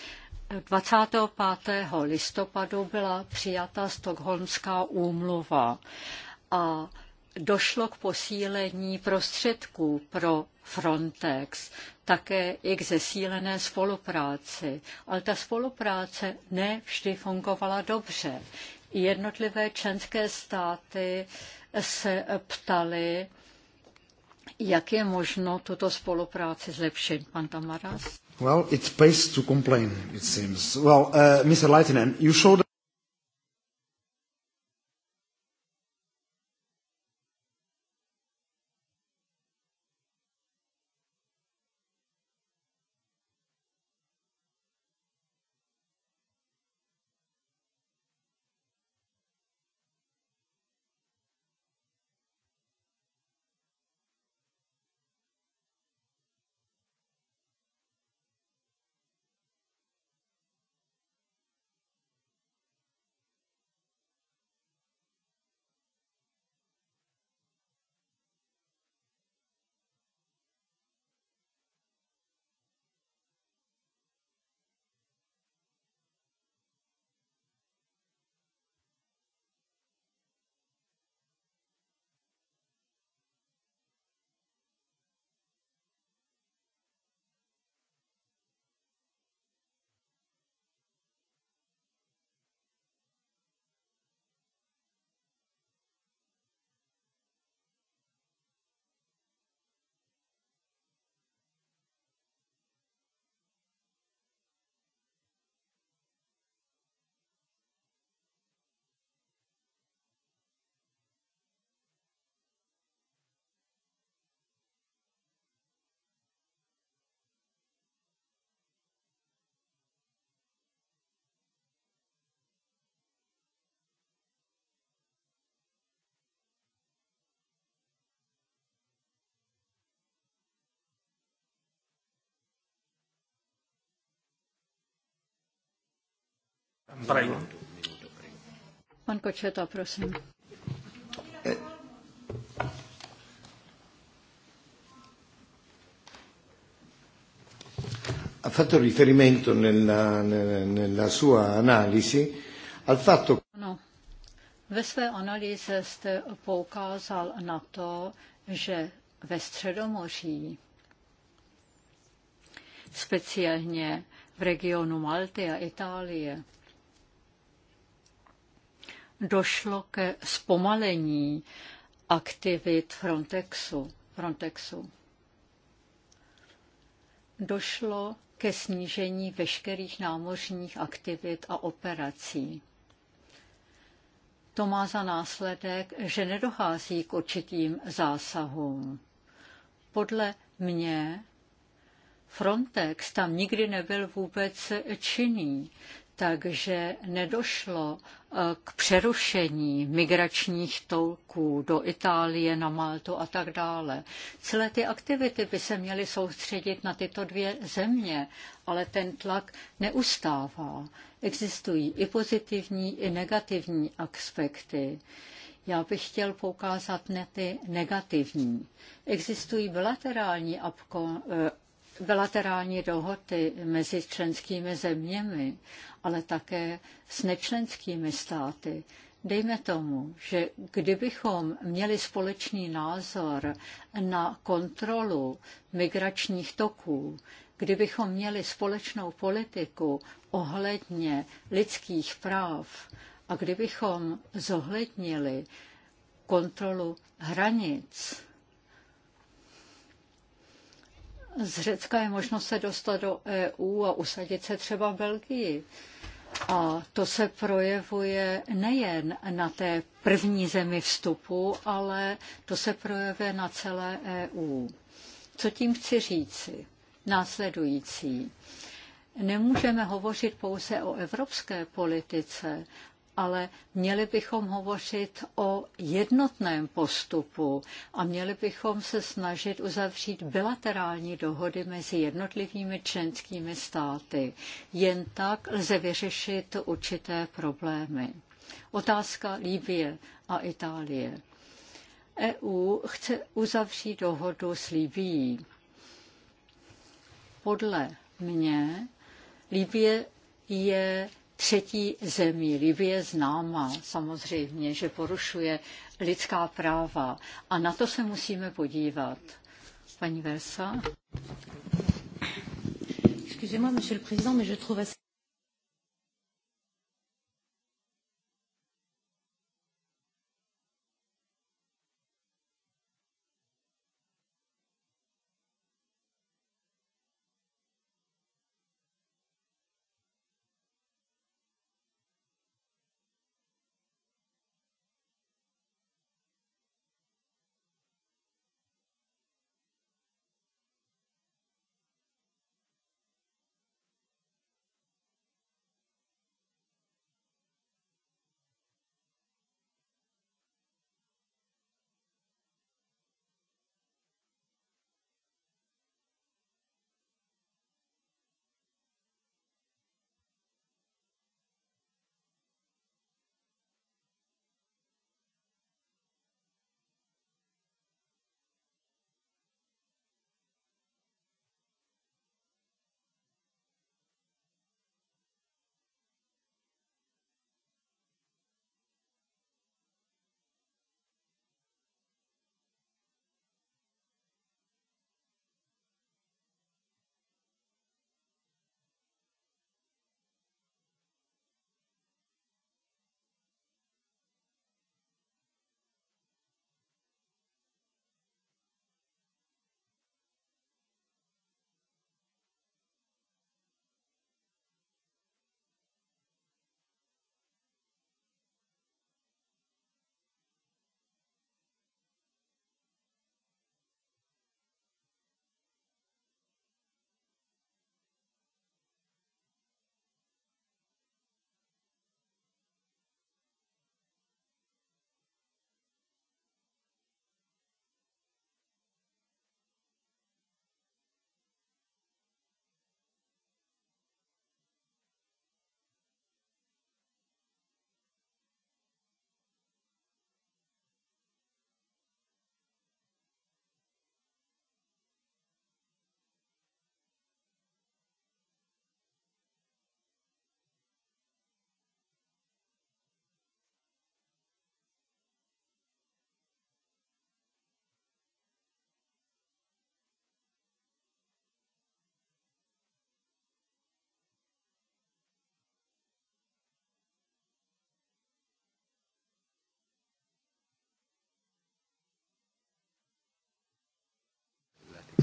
25. listopadu byla přijata Stockholmská úmluva a došlo k posílení prostředků pro Frontex, také i k zesílené spolupráci. Ale ta spolupráce ne vždy fungovala dobře. Jednotlivé členské státy se ptali, jak je možno tuto spolupráci zlepšit, pan Tamaras? Well, it pays to complain, it seems. Well, uh, Mr. Leitinen, you showed... Prego. Pan Kočeta, prosím. Ha fatto riferimento nella, nella sua analisi al fatto No. Ve své analýze jste poukázal na to, že ve Středomoří, speciálně v regionu Malty a Itálie, došlo ke zpomalení aktivit Frontexu. Frontexu. Došlo ke snížení veškerých námořních aktivit a operací. To má za následek, že nedochází k určitým zásahům. Podle mě Frontex tam nikdy nebyl vůbec činný takže nedošlo eh, k přerušení migračních tolků do Itálie, na Maltu a tak dále. Celé ty aktivity by se měly soustředit na tyto dvě země, ale ten tlak neustává. Existují i pozitivní, i negativní aspekty. Já bych chtěl poukázat na ty negativní. Existují bilaterální eh, bilaterální dohody mezi členskými zeměmi, ale také s nečlenskými státy. Dejme tomu, že kdybychom měli společný názor na kontrolu migračních toků, kdybychom měli společnou politiku ohledně lidských práv a kdybychom zohlednili kontrolu hranic, z Řecka je možno se dostat do EU a usadit se třeba v Belgii. A to se projevuje nejen na té první zemi vstupu, ale to se projevuje na celé EU. Co tím chci říci? Následující. Nemůžeme hovořit pouze o evropské politice, ale měli bychom hovořit o jednotném postupu a měli bychom se snažit uzavřít bilaterální dohody mezi jednotlivými členskými státy. Jen tak lze vyřešit určité problémy. Otázka Líbie a Itálie. EU chce uzavřít dohodu s Libií. Podle mě Líbie je třetí zemí. Libie známa samozřejmě, že porušuje lidská práva a na to se musíme podívat. Paní Versa. Excusez-moi, monsieur le président, mais je trouve assez...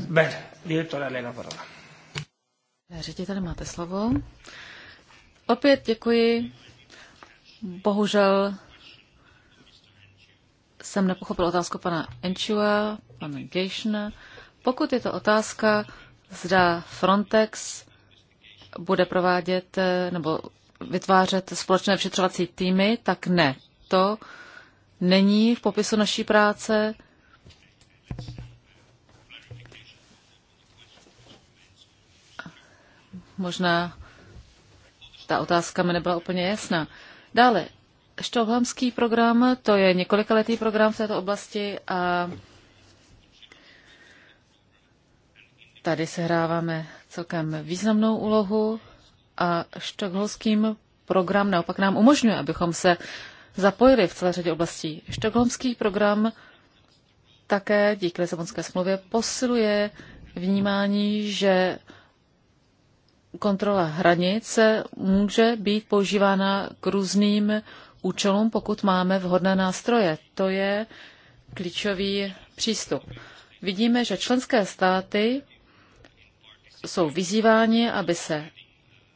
Bene, direttore Elena parola. Ředitel, máte slovo. Opět děkuji. Bohužel jsem nepochopil otázku pana Enchua, pana Geishna. Pokud je to otázka, zda Frontex bude provádět eh, nebo vytvářet společné vyšetřovací týmy, tak ne. To není v popisu naší práce. Možná ta otázka mi nebyla úplně jasná. Dále, štokholmský program, to je několikaletý program v této oblasti a tady sehráváme celkem významnou úlohu a štokholmským program naopak nám umožňuje, abychom se zapojili v celé řadě oblastí. Štokholmský program také díky Lisabonské smlouvě posiluje vnímání, že kontrola hranic může být používána k různým účelům, pokud máme vhodné nástroje. To je klíčový přístup. Vidíme, že členské státy jsou vyzýváni, aby se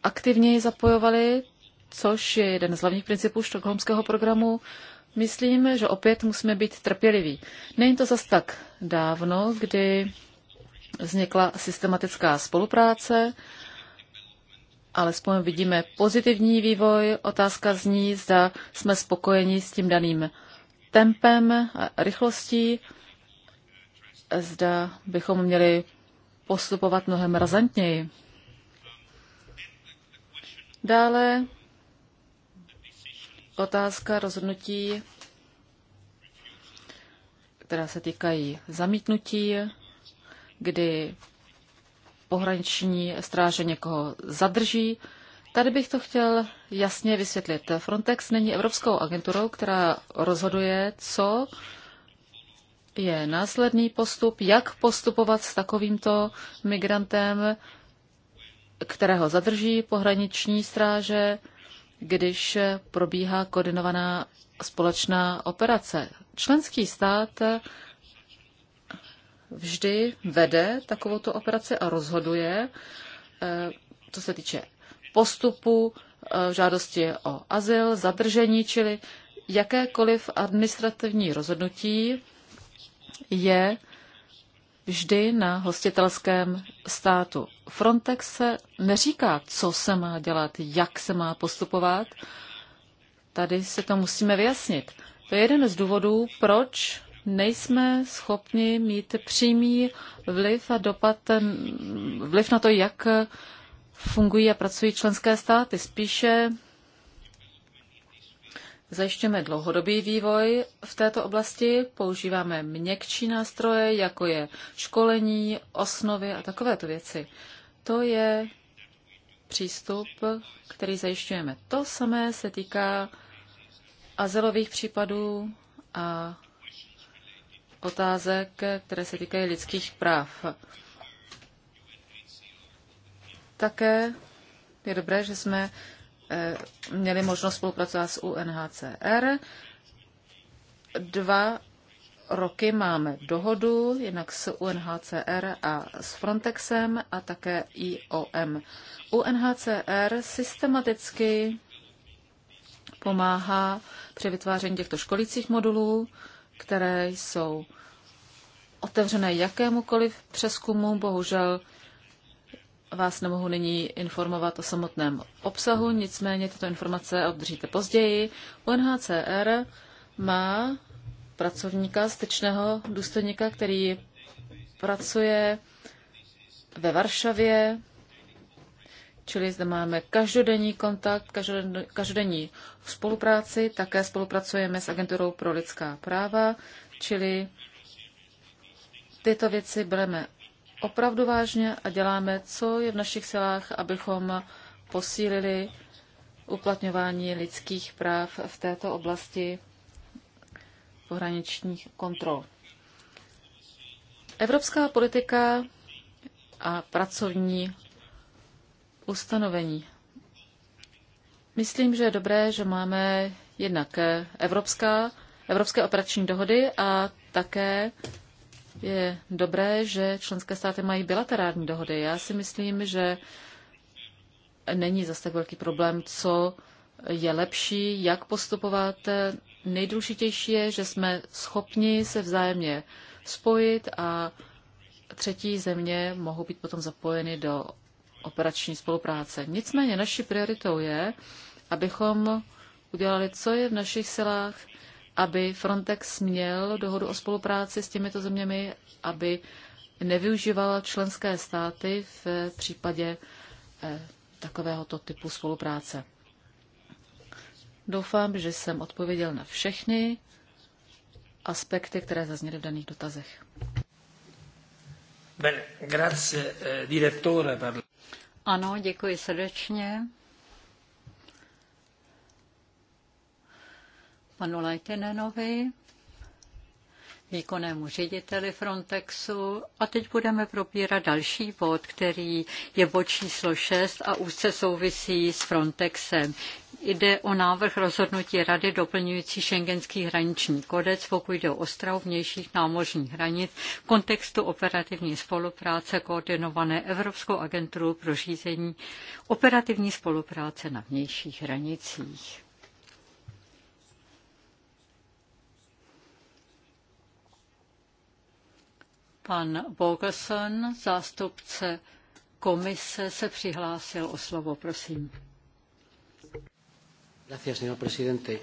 aktivněji zapojovali, což je jeden z hlavních principů štokholmského programu. Myslím, že opět musíme být trpěliví. Není to zas tak dávno, kdy vznikla systematická spolupráce alespoň vidíme pozitivní vývoj. Otázka zní, zda jsme spokojeni s tím daným tempem a rychlostí, zda bychom měli postupovat mnohem razantněji. Dále otázka rozhodnutí, která se týkají zamítnutí, kdy pohraniční stráže někoho zadrží. Tady bych to chtěl jasně vysvětlit. Frontex není evropskou agenturou, která rozhoduje, co je následný postup, jak postupovat s takovýmto migrantem, kterého zadrží pohraniční stráže, když probíhá koordinovaná společná operace. Členský stát vždy vede takovouto operaci a rozhoduje, eh, co se týče postupu, eh, žádosti o azyl, zadržení, čili jakékoliv administrativní rozhodnutí je vždy na hostitelském státu. Frontex se neříká, co se má dělat, jak se má postupovat. Tady se to musíme vyjasnit. To je jeden z důvodů, proč nejsme schopni mít přímý vliv a dopad, vliv na to, jak fungují a pracují členské státy. Spíše zajišťujeme dlouhodobý vývoj v této oblasti, používáme měkčí nástroje, jako je školení, osnovy a takovéto věci. To je přístup, který zajišťujeme. To samé se týká azylových případů a otázek, které se týkají lidských práv. Také je dobré, že jsme eh, měli možnost spolupracovat s UNHCR. Dva roky máme dohodu, jinak s UNHCR a s Frontexem a také IOM. UNHCR systematicky pomáhá při vytváření těchto školicích modulů které jsou otevřené jakémukoliv přeskumu. Bohužel vás nemohu nyní informovat o samotném obsahu, nicméně tyto informace obdržíte později. UNHCR má pracovníka, styčného důstojníka, který pracuje ve Varšavě Čili zde máme každodenní kontakt, každodenní spolupráci, také spolupracujeme s Agenturou pro lidská práva, čili tyto věci bereme opravdu vážně a děláme, co je v našich silách, abychom posílili uplatňování lidských práv v této oblasti pohraničních kontrol. Evropská politika a pracovní ustanovení. Myslím, že je dobré, že máme jednak evropská, evropské operační dohody a také je dobré, že členské státy mají bilaterální dohody. Já si myslím, že není zase tak velký problém, co je lepší, jak postupovat. Nejdůležitější je, že jsme schopni se vzájemně spojit a třetí země mohou být potom zapojeny do operační spolupráce. Nicméně naší prioritou je, abychom udělali, co je v našich silách, aby Frontex měl dohodu o spolupráci s těmito zeměmi, aby nevyužívala členské státy v případě eh, takovéhoto typu spolupráce. Doufám, že jsem odpověděl na všechny aspekty, které zazněly v daných dotazech. Bene, grazie, eh, direttore, per... Ano, děkuji srdečně. Panu Lajtinenovi výkonnému řediteli Frontexu. A teď budeme probírat další bod, který je bod číslo 6 a úzce souvisí s Frontexem. Jde o návrh rozhodnutí Rady doplňující šengenský hraniční kodec, pokud jde o ostrov vnějších námořních hranic v kontextu operativní spolupráce koordinované Evropskou agenturou pro řízení operativní spolupráce na vnějších hranicích. Pan Bogerson, zástupce komise, se přihlásil o slovo, prosím. Gracias, señor presidente.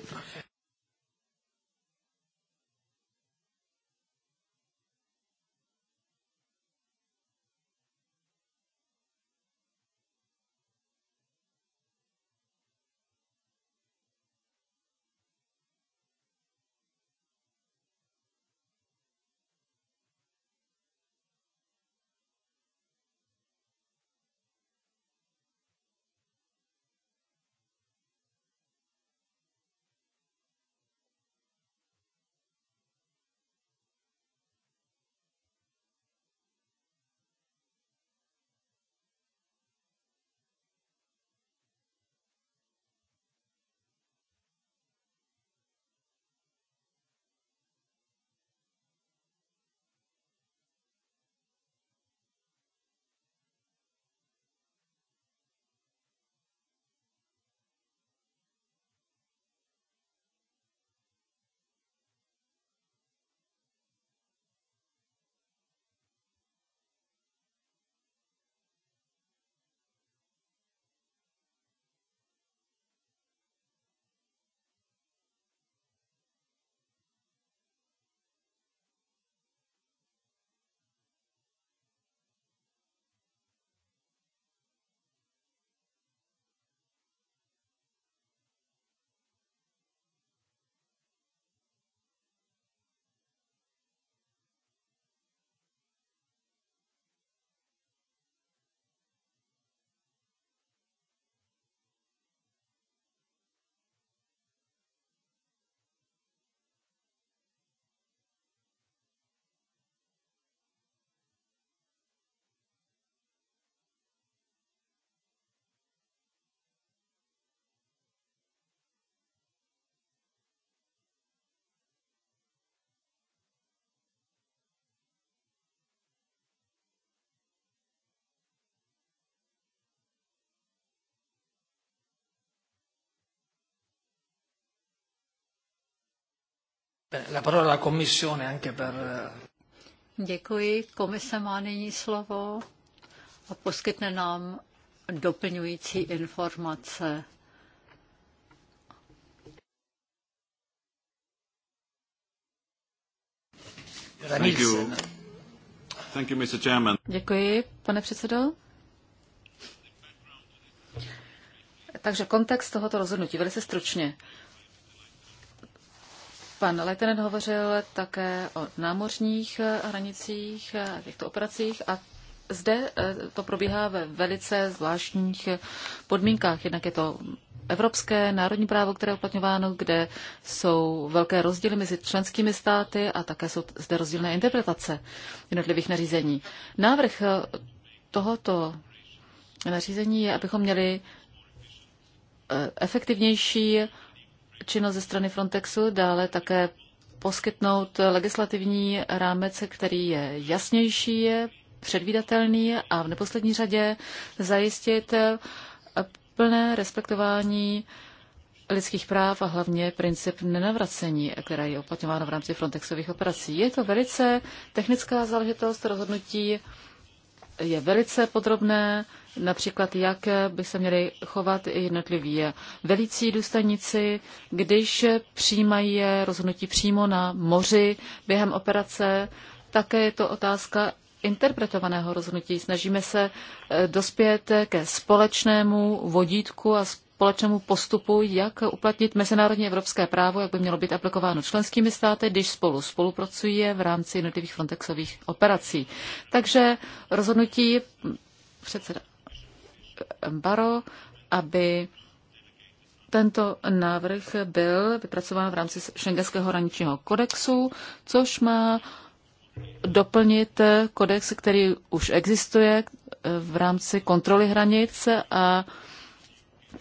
La parola alla Commissione anche per... Eh, Děkuji. Komise má nyní slovo a poskytne nám doplňující informace. Thank you. Thank you, Mr. Chairman. Děkuji, pane předsedo. Takže kontext tohoto rozhodnutí, velice stručně. Pan Leitenen hovořil také o námořních eh, hranicích, eh, těchto operacích a zde eh, to probíhá ve velice zvláštních podmínkách. Jednak je to evropské národní právo, které je uplatňováno, kde jsou velké rozdíly mezi členskými státy a také jsou zde rozdílné interpretace jednotlivých nařízení. Návrh tohoto nařízení je, abychom měli efektivnější činnost ze strany Frontexu, dále také poskytnout legislativní rámec, který je jasnější, je předvídatelný a v neposlední řadě zajistit plné respektování lidských práv a hlavně princip nenavracení, které je uplatňováno v rámci Frontexových operací. Je to velice technická záležitost rozhodnutí je velice podrobné, například jak by se měli chovat i jednotliví velící důstojníci, když přijímají rozhodnutí přímo na moři během operace. Také je to otázka interpretovaného rozhodnutí. Snažíme se eh, dospět ke společnému vodítku a společnému postupu, jak uplatnit mezinárodní evropské právo, jak by mělo být aplikováno členskými státy, když spolu spolupracuje v rámci jednotlivých Frontexových operací. Takže rozhodnutí předseda Baro, aby tento návrh byl vypracován v rámci Schengenského hraničního kodexu, což má doplnit kodex, který už existuje v rámci kontroly hranic a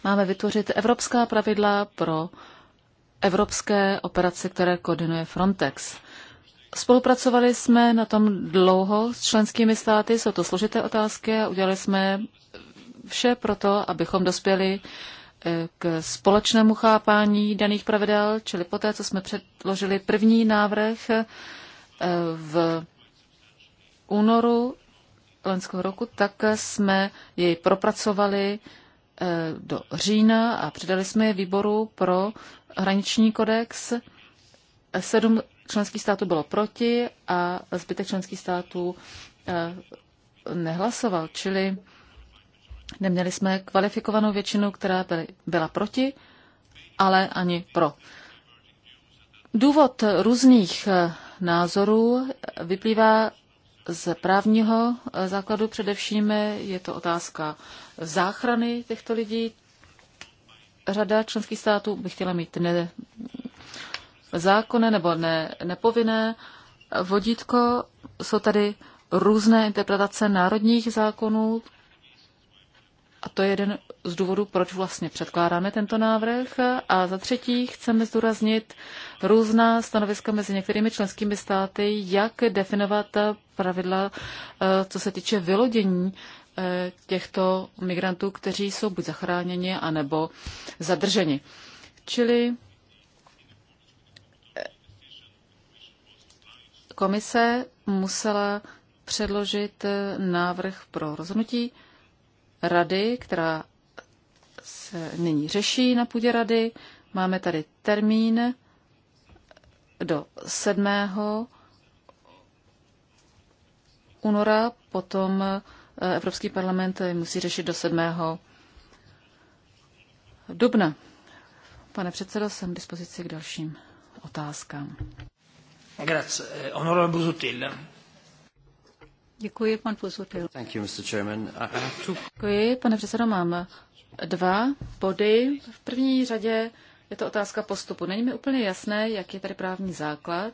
Máme vytvořit evropská pravidla pro evropské operace, které koordinuje Frontex. Spolupracovali jsme na tom dlouho s členskými státy, jsou to složité otázky a udělali jsme vše pro to, abychom dospěli eh, k společnému chápání daných pravidel, čili poté, co jsme předložili první návrh eh, v únoru loňského roku, tak jsme jej propracovali do října a předali jsme je výboru pro hraniční kodex. Sedm členských států bylo proti a zbytek členských států eh, nehlasoval, čili neměli jsme kvalifikovanou většinu, která byla proti, ale ani pro. Důvod různých eh, názorů vyplývá z právního eh, základu především je to otázka záchrany těchto lidí. Řada členských států by chtěla mít ne, zákonné nebo ne, nepovinné vodítko. Jsou tady různé interpretace národních zákonů a to je jeden z důvodů, proč vlastně předkládáme tento návrh. A za třetí chceme zdůraznit různá stanoviska mezi některými členskými státy, jak definovat pravidla, eh, co se týče vylodění Eh, těchto migrantů, kteří jsou buď zachráněni, anebo zadrženi. Čili eh, komise musela předložit eh, návrh pro rozhodnutí rady, která se nyní řeší na půdě rady. Máme tady termín do 7. února, potom Eh, Evropský parlament musí řešit do 7. dubna. Pane předsedo, jsem k dispozici k dalším otázkám. Grazie. Honorable eh, Busutil. Děkuji, pan Busutil. Thank you, Mr. Chairman. Děkuji, pane předsedo, mám dva body. V první řadě je to otázka postupu. Není mi úplně jasné, jak je tady právní základ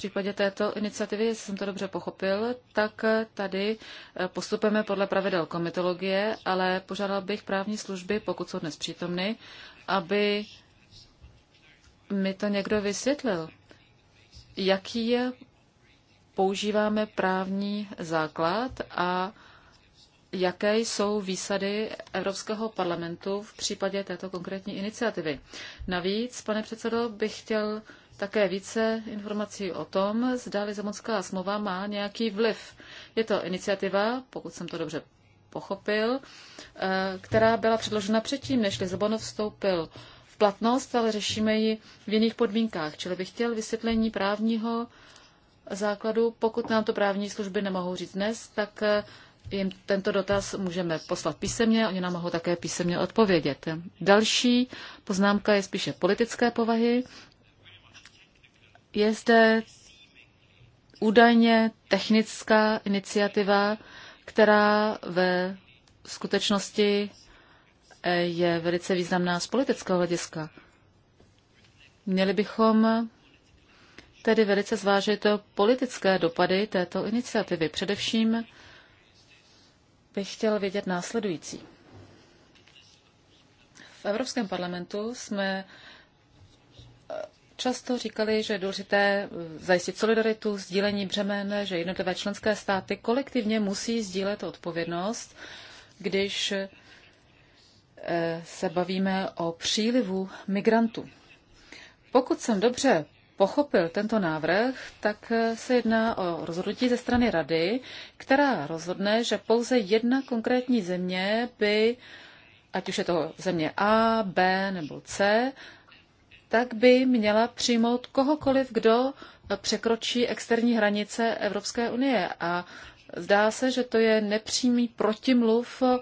případě této iniciativy, jestli jsem to dobře pochopil, tak tady eh, postupujeme podle pravidel komitologie, ale požádal bych právní služby, pokud jsou dnes přítomny, aby mi to někdo vysvětlil. Jaký je, používáme právní základ a jaké jsou výsady Evropského parlamentu v případě této konkrétní iniciativy. Navíc, pane předsedo, bych chtěl také více informací o tom, zda Lizabonská smlouva má nějaký vliv. Je to iniciativa, pokud jsem to dobře pochopil, eh, která byla předložena předtím, než Lizabon vstoupil v platnost, ale řešíme ji v jiných podmínkách. Čili bych chtěl vysvětlení právního základu. Pokud nám to právní služby nemohou říct dnes, tak eh, jim tento dotaz můžeme poslat písemně, oni nám mohou také písemně odpovědět. Další poznámka je spíše politické povahy je zde údajně technická iniciativa, která ve skutečnosti eh, je velice významná z politického hlediska. Měli bychom tedy velice zvážit politické dopady této iniciativy. Především bych chtěl vědět následující. V Evropském parlamentu jsme často říkali, že je důležité eh, zajistit solidaritu, sdílení břemen, že jednotlivé členské státy kolektivně musí sdílet odpovědnost, když eh, se bavíme o přílivu migrantů. Pokud jsem dobře pochopil tento návrh, tak eh, se jedná o rozhodnutí ze strany Rady, která rozhodne, že pouze jedna konkrétní země by, ať už je to země A, B nebo C, tak by měla přijmout kohokoliv, kdo překročí externí hranice Evropské unie. A zdá se, že to je nepřímý protimluv eh,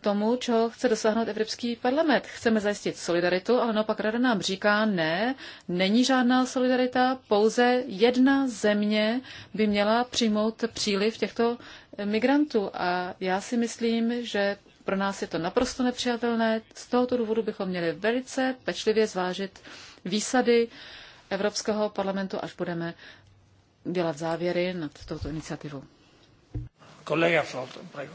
tomu, čeho chce dosáhnout Evropský parlament. Chceme zajistit solidaritu, ale naopak rada nám říká, ne, není žádná solidarita, pouze jedna země by měla přijmout příliv těchto migrantů. A já si myslím, že pro nás je to naprosto nepřijatelné. Z tohoto důvodu bychom měli velice pečlivě zvážit výsady Evropského parlamentu, až budeme dělat závěry nad touto iniciativou. Kolega Flotten, prego.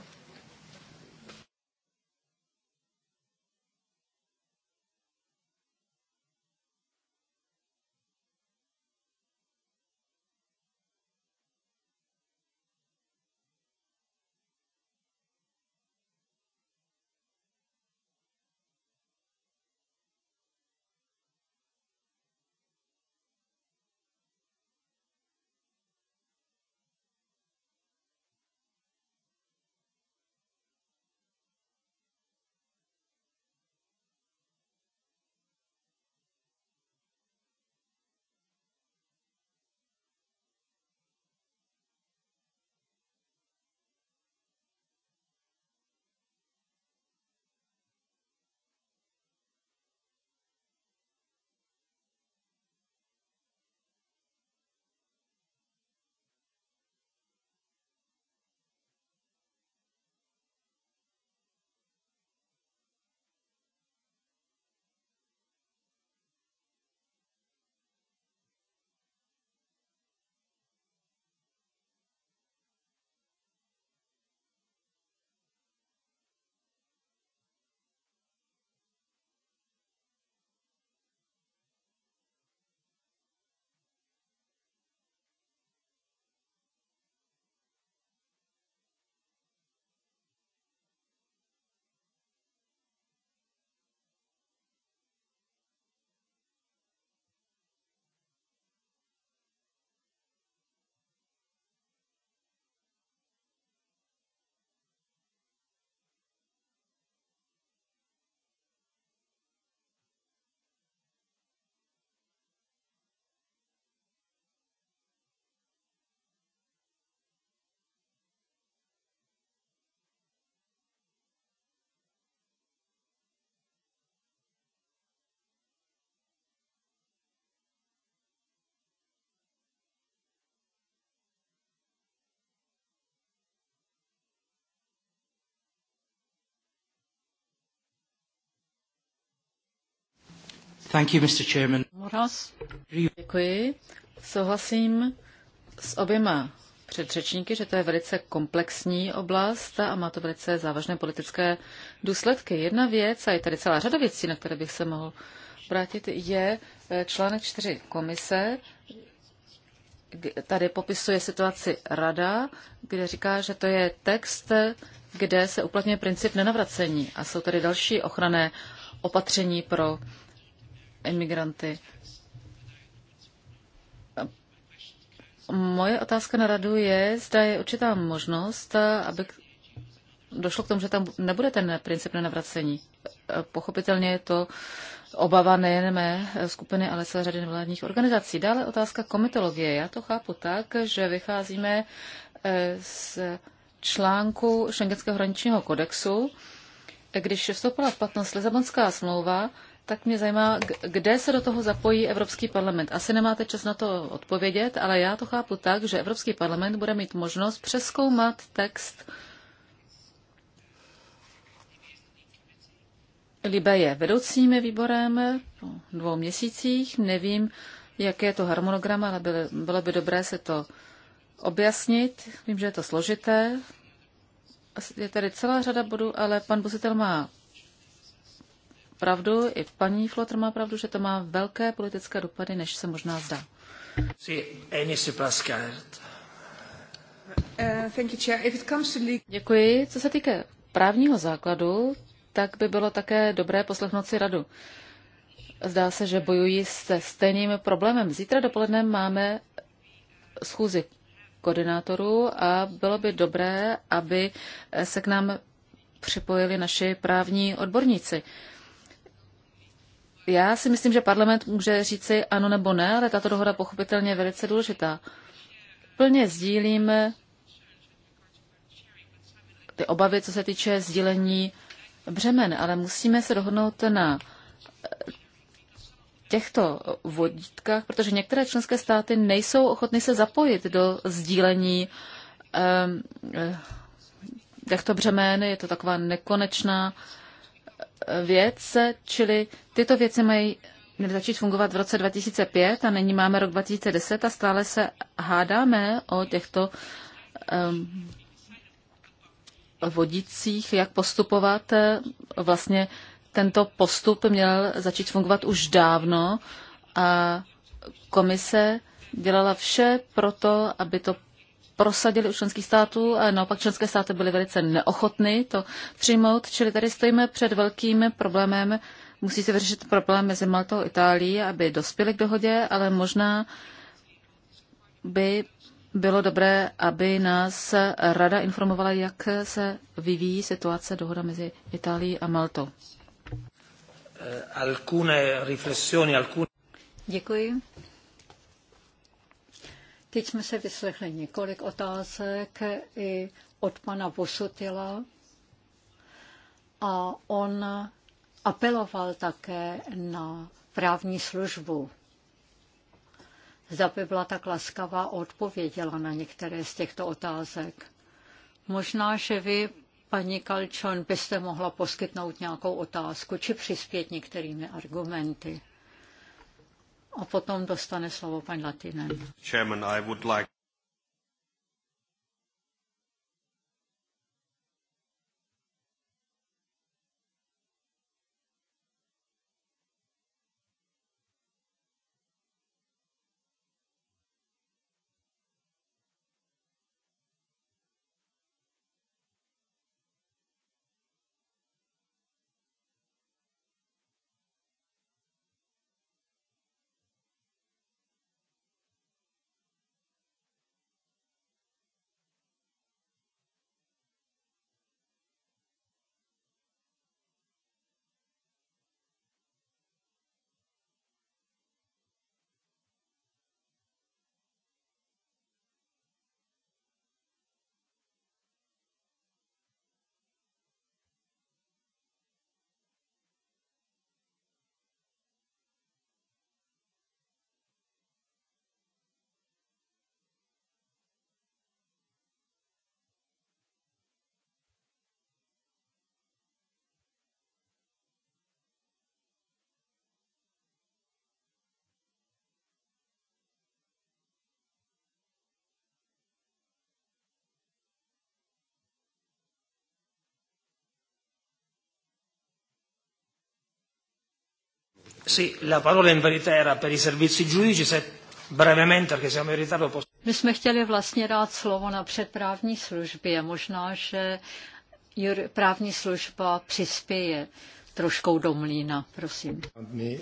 Thank you, Mr. Chairman. Děkuji. Souhlasím s oběma předřečníky, že to je velice komplexní oblast a má to velice závažné politické důsledky. Jedna věc, a je tady celá řada věcí, na které bych se mohl vrátit, je eh, článek 4 komise. Tady popisuje situaci rada, kde říká, že to je text, kde se uplatňuje princip nenavracení a jsou tady další ochranné opatření pro imigranty. Moje otázka na radu je, zda je určitá možnost, aby došlo k tomu, že tam nebude ten princip nenavracení. Pochopitelně je to obava nejen mé skupiny, ale celé řady nevládních organizací. Dále otázka komitologie. Já to chápu tak, že vycházíme eh, z článku Schengenského hraničního kodexu. Eh, když vstoupila v platnost Lisabonská smlouva, tak mě zajímá, kde se do toho zapojí Evropský parlament. Asi nemáte čas na to odpovědět, ale já to chápu tak, že Evropský parlament bude mít možnost přeskoumat text Libe je vedoucím výborem po dvou měsících. Nevím, jaké je to harmonogram, ale bylo, bylo by dobré se to objasnit. Vím, že je to složité. Je tady celá řada bodů, ale pan Buzitel má pravdu, i paní Flotr má pravdu, že to má velké politické dopady, než se možná zdá. Eh, Děkuji. Co se týká právního základu, tak by bylo také dobré poslechnout si radu. Zdá se, že bojují se stejným problémem. Zítra dopoledne máme schůzi koordinátorů a bylo by dobré, aby se k nám připojili naši právní odborníci. Já si myslím, že parlament může říci ano nebo ne, ale tato dohoda pochopitelně je velice důležitá. Plně sdílíme ty obavy, co se týče sdílení břemen, ale musíme se dohodnout na těchto vodítkách, protože některé členské státy nejsou ochotny se zapojit do sdílení ehm, eh, těchto břemen. Je to taková nekonečná věc, čili tyto věci mají začít fungovat v roce 2005 a nyní máme rok 2010 a stále se hádáme o těchto um, ehm, vodicích, jak postupovat. Vlastně tento postup měl začít fungovat už dávno a komise dělala vše pro to, aby to prosadili u členských států, a naopak členské státy byly velice neochotny to přijmout, čili tady stojíme před velkým problémem. Musí se vyřešit problém mezi Maltou a Itálií, aby dospěli k dohodě, ale možná by bylo dobré, aby nás rada informovala, jak se vyvíjí situace dohoda mezi Itálií a Maltou. Eh, Děkuji. Teď jsme se vyslechli několik otázek i od pana Vosutila a on apeloval také na právní službu. Zda by byla tak laskavá odpověděla na některé z těchto otázek. Možná, že vy, paní Kalčon, byste mohla poskytnout nějakou otázku či přispět některými argumenty a potom dostane slovo paní Latinen. Chairman, I would like... Sì, la parola in verità era per i servizi se brevemente, perché siamo in ritardo. Posso... My jsme chtěli vlastně dát slovo na předprávní a možná, že právní služba přispěje troškou do mlína, prosím. My,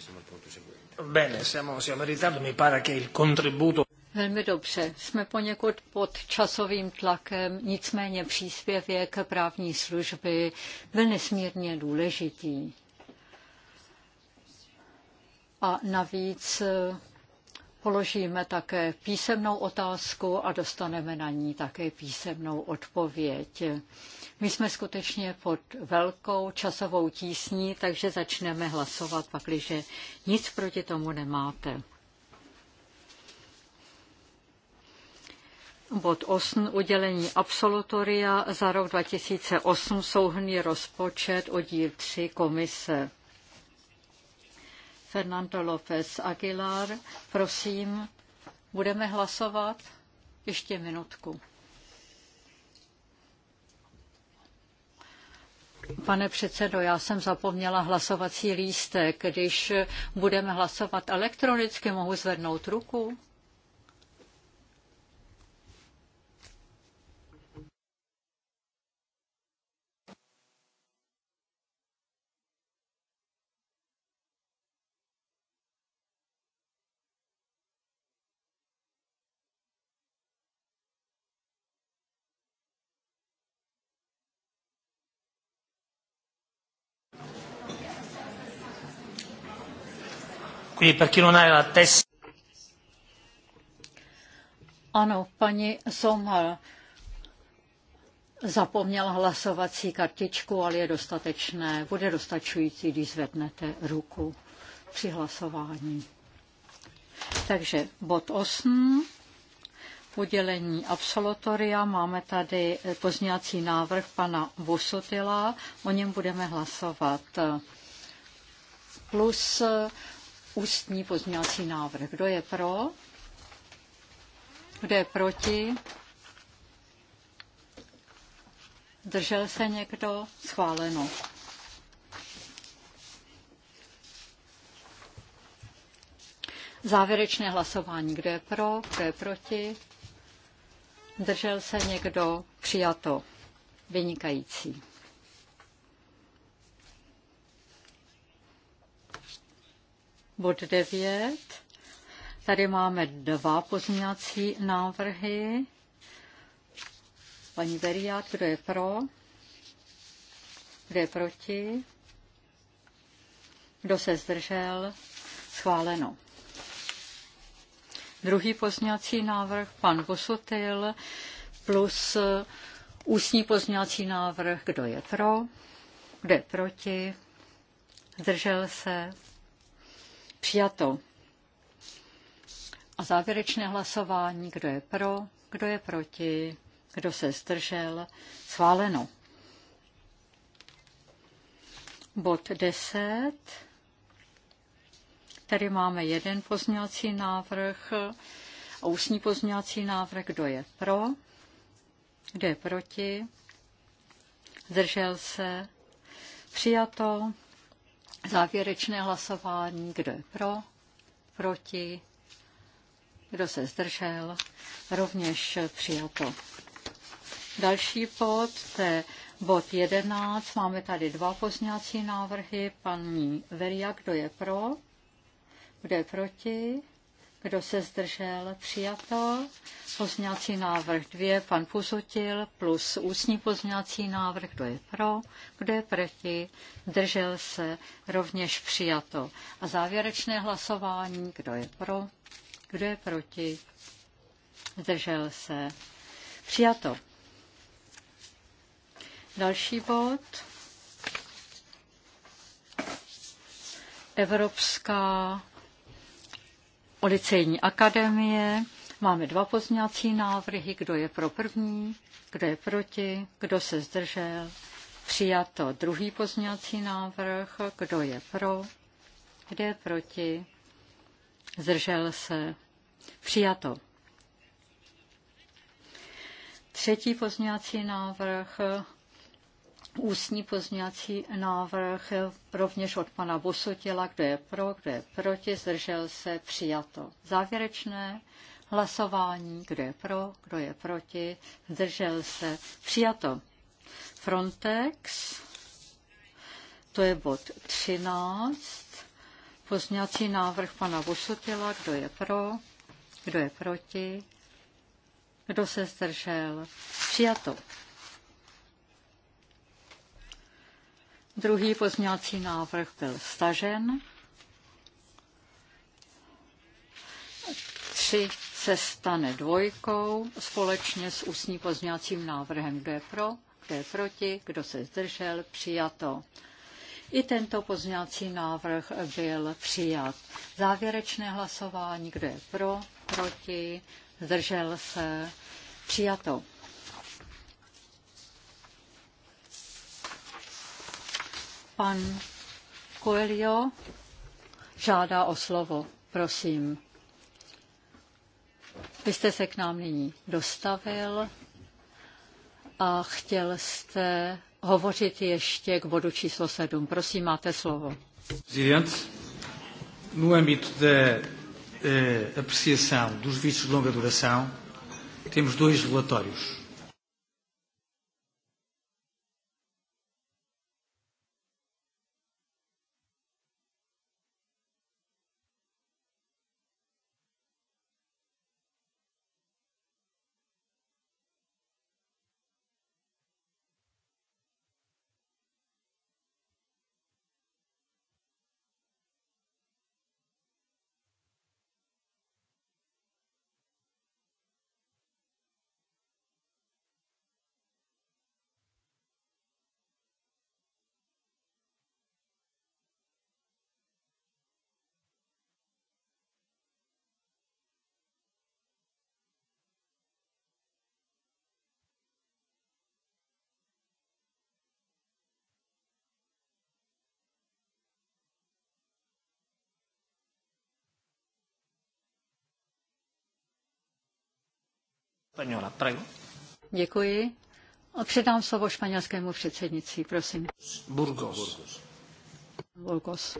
siamo al punto seguente. Bene, siamo, siamo in ritardo, mi pare che il contributo... Velmi dobře, jsme poněkud pod časovým tlakem, nicméně příspěvek právní služby byl nesmírně důležitý. A navíc Položíme také písemnou otázku a dostaneme na ní také písemnou odpověď. My jsme skutečně pod velkou časovou tísní, takže začneme hlasovat, pakliže nic proti tomu nemáte. Bod 8. Udělení absolutoria za rok 2008 souhrný rozpočet díl 3 komise. Fernando López Aguilar. Prosím, budeme hlasovat ještě minutku. Pane předsedo, já jsem zapomněla hlasovací lístek. Když budeme hlasovat elektronicky, mohu zvednout ruku? Quindi per chi non ha la testa... Ano, paní Somar zapomněl hlasovací kartičku, ale je dostatečné. Bude dostačující, když zvednete ruku při hlasování. Takže bod 8, udělení absolutoria. Máme tady pozněcí návrh pana Vosotila. o něm budeme hlasovat. Plus ústní pozměňovací návrh. Kdo je pro? Kdo je proti? Držel se někdo? Schváleno. Závěrečné hlasování. Kdo je pro? Kdo je proti? Držel se někdo? Přijato. Vynikající. bod 9. Tady máme dva pozměňovací návrhy. Paní Beriát, kdo je pro? Kdo je proti? Kdo se zdržel? Schváleno. Druhý pozměňovací návrh, pan Vosotil, plus ústní pozměňovací návrh, kdo je pro, kdo je proti, zdržel se, Přijato. A závěrečné hlasování, kdo je pro, kdo je proti, kdo se zdržel, schváleno. Bod 10. Tady máme jeden pozměňovací návrh a ústní pozměňovací návrh, kdo je pro, kdo je proti, zdržel se, přijato, Závěrečné hlasování, kdo je pro, proti, kdo se zdržel, rovněž přijato. Další bod, to je bod 11, máme tady dva pozňací návrhy, paní Veria, kdo je pro, kdo je proti, kdo se zdržel? Přijato. Pozměňovací návrh 2, pan Puzutil, plus ústní pozměňovací návrh, kdo je pro, kdo je proti, držel se, rovněž přijato. A závěrečné hlasování, kdo je pro, kdo je proti, zdržel se, přijato. Další bod. Evropská Policejní akademie. Máme dva pozměňovací návrhy. Kdo je pro první? Kdo je proti? Kdo se zdržel? Přijato druhý pozměňovací návrh. Kdo je pro? Kdo je proti? Zdržel se? Přijato. Třetí pozměňovací návrh ústní pozměňovací návrh rovněž od pana Busutila, kdo je pro, kdo je proti, zdržel se, přijato. Závěrečné hlasování, kdo je pro, kdo je proti, zdržel se, přijato. Frontex, to je bod 13, pozměňovací návrh pana Busutila, kdo je pro, kdo je proti, kdo se zdržel, přijato. Druhý pozměňovací návrh byl stažen. Tři se stane dvojkou společně s ústní pozměňovacím návrhem. Kdo je pro, kdo je proti, kdo se zdržel, přijato. I tento pozměňovací návrh byl přijat. Závěrečné hlasování, kdo je pro, proti, zdržel se, přijato. Pan Coelho žádá o slovo. Prosím. Vy jste se k nám nyní dostavil a chtěl jste hovořit ještě k bodu číslo 7. Prosím, máte slovo. Presidente, no âmbito da eh, apreciação dos vistos de longa duração, temos dois relatórios. Španěla, prego. Děkuji. předám slovo španělskému předsednici, prosím. Burgos. Burgos.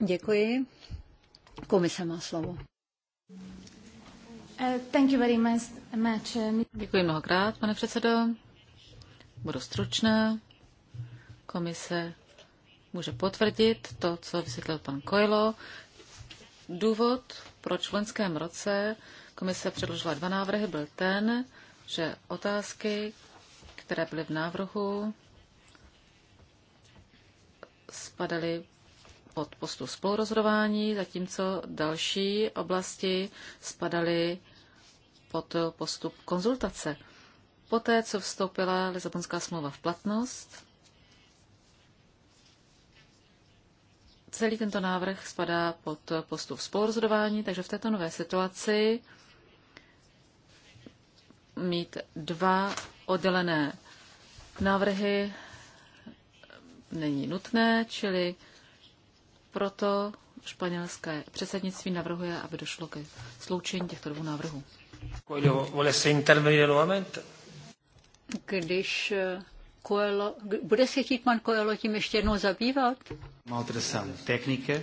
Děkuji. Komise má slovo. Uh, thank you very much. Uh, Děkuji mnohokrát, pane předsedo. Budu stručná. Komise může potvrdit to, co vysvětlil pan Koilo. Důvod, proč v loňském roce komise předložila dva návrhy, byl ten, že otázky, které byly v návrhu, spadaly pod postup spolurozhodování, zatímco další oblasti spadaly pod postup konzultace. Poté, co vstoupila Lisabonská smlouva v platnost, celý tento návrh spadá pod postup spolurozhodování, takže v této nové situaci mít dva oddělené návrhy není nutné, čili proto španělské předsednictví navrhuje, aby došlo ke sloučení těchto dvou návrhů. Když eh, Coelho, bude se chtít pan Coelho tím ještě jednou zabývat? Maltrsan technike.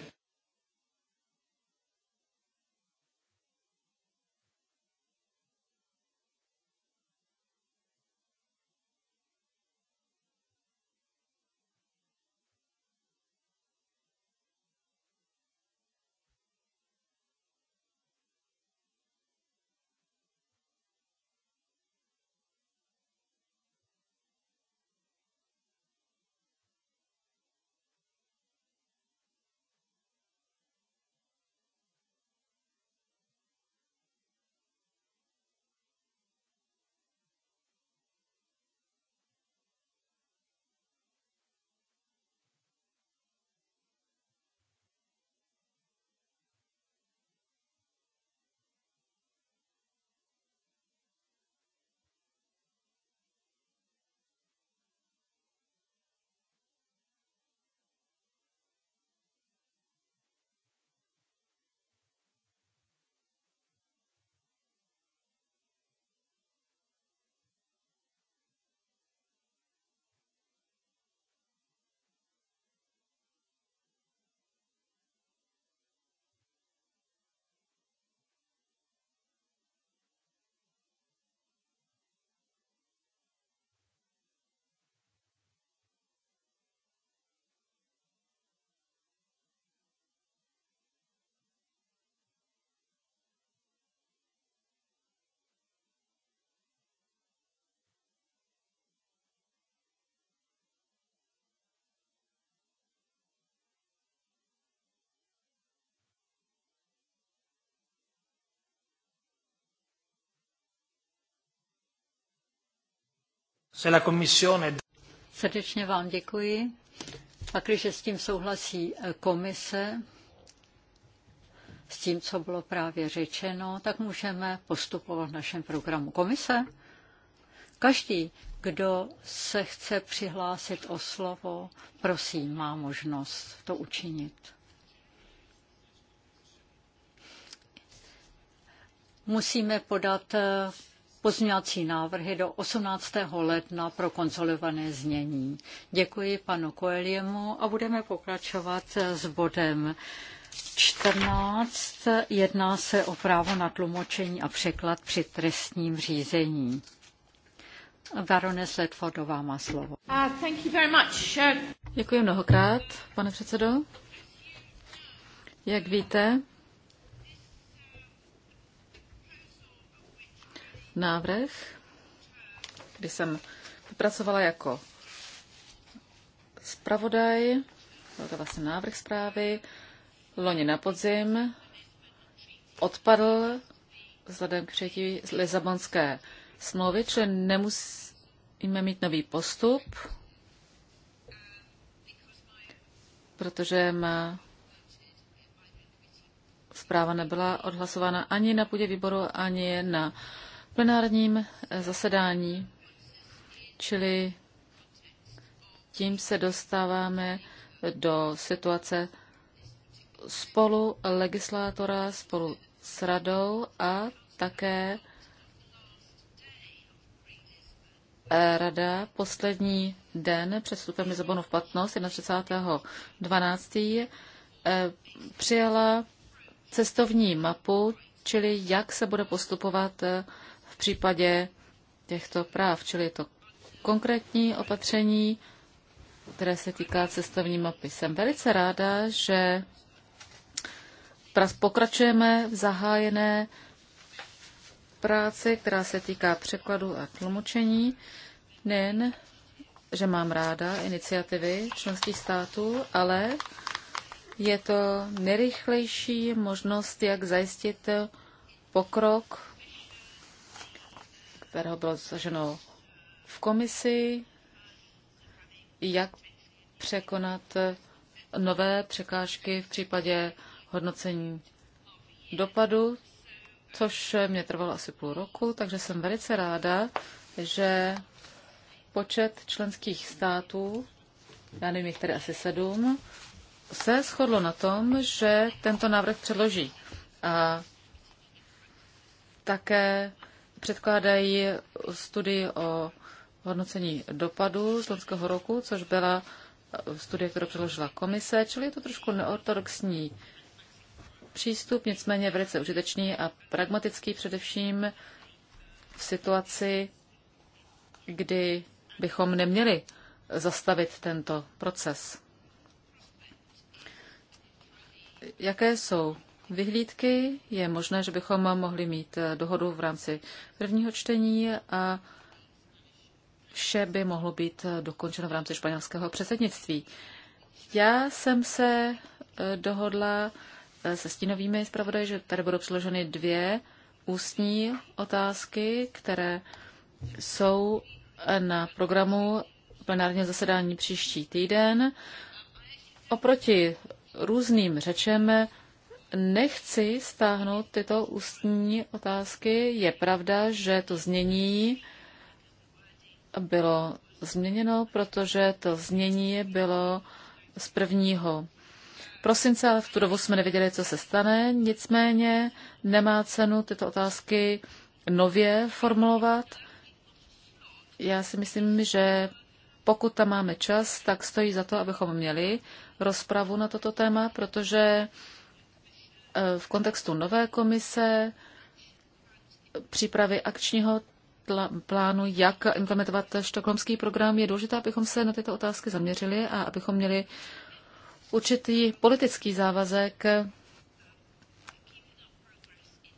Srdečně vám děkuji. Pak, když s tím souhlasí eh, komise, s tím, co bylo právě řečeno, tak můžeme postupovat v našem programu. Komise? Každý, kdo se chce přihlásit o slovo, prosím, má možnost to učinit. Musíme podat eh, pozměňovací návrhy do 18. ledna pro konsolidované znění. Děkuji panu Koeliemu a budeme pokračovat s bodem 14. Jedná se o právo na tlumočení a překlad při trestním řízení. Baroness Ledfordová má slovo. Uh, thank you very much. Uh, Děkuji mnohokrát, pane předsedo. Jak víte, návrh, kdy jsem vypracovala jako zpravodaj, byl to vlastně návrh zprávy, loni na podzim odpadl vzhledem k přijetí Lisabonské smlouvy, čili nemusíme mít nový postup, protože má zpráva nebyla odhlasována ani na půdě výboru, ani na plenárním eh, zasedání, čili tím se dostáváme do situace spolu legislátora, spolu s radou a také eh, rada poslední den před vstupem Lizabonu v platnost 31.12. Eh, přijala cestovní mapu, čili jak se bude postupovat případě těchto práv. Čili je to konkrétní opatření, které se týká cestovní mapy. Jsem velice ráda, že pokračujeme v zahájené práci, která se týká překladu a tlumočení, nejen, že mám ráda iniciativy členských států, ale je to nejrychlejší možnost, jak zajistit pokrok kterého bylo zaženo v komisi, jak překonat nové překážky v případě hodnocení dopadu, což mě trvalo asi půl roku, takže jsem velice ráda, že počet členských států, já nevím, jich tady asi sedm, se shodlo na tom, že tento návrh předloží. A také předkládají studii o hodnocení dopadu z loňského roku, což byla studie, kterou předložila komise, čili je to trošku neortodoxní přístup, nicméně velice užitečný a pragmatický především v situaci, kdy bychom neměli zastavit tento proces. Jaké jsou vyhlídky. Je možné, že bychom mohli mít eh, dohodu v rámci prvního čtení a vše by mohlo být eh, dokončeno v rámci španělského předsednictví. Já jsem se eh, dohodla se stínovými zpravodaji, že tady budou přiloženy dvě ústní otázky, které jsou na programu plenárního zasedání příští týden. Oproti různým řečem nechci stáhnout tyto ústní otázky. Je pravda, že to znění bylo změněno, protože to znění bylo z prvního prosince, ale v tu dobu jsme nevěděli, co se stane. Nicméně nemá cenu tyto otázky nově formulovat. Já si myslím, že pokud tam máme čas, tak stojí za to, abychom měli rozpravu na toto téma, protože Eh, v kontextu nové komise, přípravy akčního plánu, jak implementovat štokholmský program, je důležité, abychom se na tyto otázky zaměřili a abychom měli určitý politický závazek,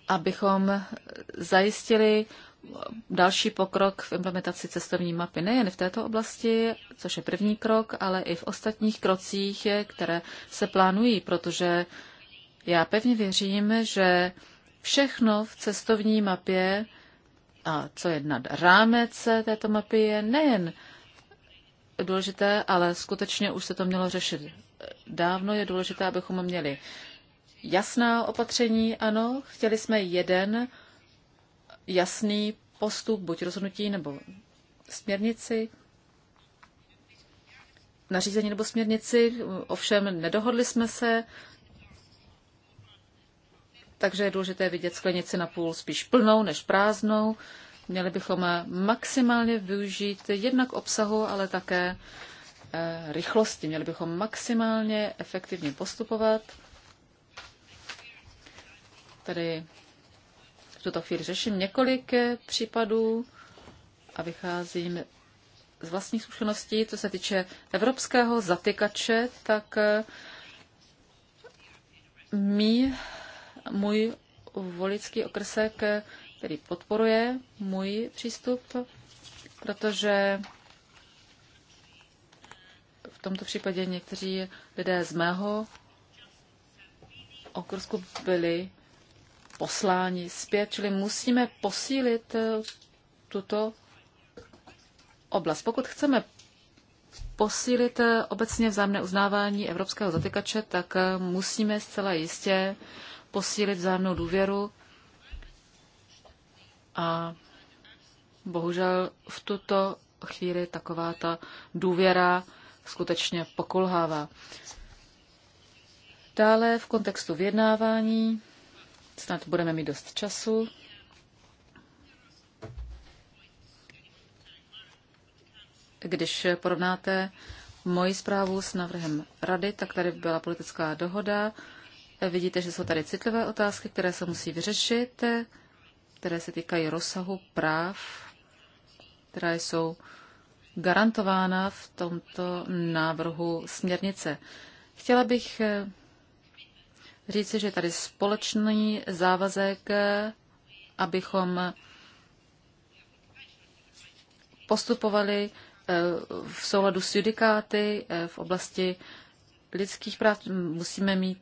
abychom zajistili další pokrok v implementaci cestovní mapy nejen v této oblasti, což je první krok, ale i v ostatních krocích, které se plánují, protože já pevně věřím, že všechno v cestovní mapě a co je nad rámec této mapy je nejen důležité, ale skutečně už se to mělo řešit dávno. Je důležité, abychom měli jasná opatření, ano. Chtěli jsme jeden jasný postup, buď rozhodnutí nebo směrnici, nařízení nebo směrnici, ovšem nedohodli jsme se, takže je důležité vidět sklenici na půl spíš plnou než prázdnou. Měli bychom maximálně využít jednak obsahu, ale také eh, rychlosti. Měli bychom maximálně efektivně postupovat. Tady v tuto chvíli řeším několik eh, případů a vycházím z vlastních zkušeností, co se týče evropského zatykače, tak eh, mý můj volický okrsek, který podporuje můj přístup, protože v tomto případě někteří lidé z mého okrsku byli posláni zpět, čili musíme posílit tuto oblast. Pokud chceme posílit obecně vzájemné uznávání evropského zatykače, tak musíme zcela jistě posílit vzájemnou důvěru a bohužel v tuto chvíli taková ta důvěra skutečně pokulhává. Dále v kontextu vyjednávání, snad budeme mít dost času, Když porovnáte moji zprávu s návrhem rady, tak tady byla politická dohoda. Vidíte, že jsou tady citlivé otázky, které se musí vyřešit, které se týkají rozsahu práv, která jsou garantována v tomto návrhu směrnice. Chtěla bych eh, říci, že tady společný závazek, abychom postupovali eh, v souladu s judikáty eh, v oblasti lidských práv. Musíme mít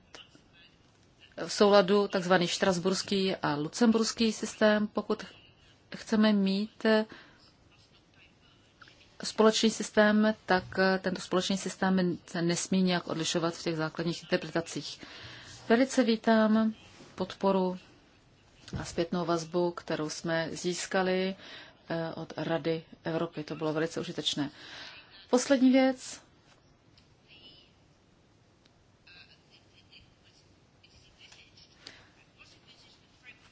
v souladu tzv. štrasburský a lucemburský systém, pokud chceme mít společný systém, tak tento společný systém se nesmí nějak odlišovat v těch základních interpretacích. Velice vítám podporu a zpětnou vazbu, kterou jsme získali eh, od Rady Evropy. To bylo velice užitečné. Poslední věc,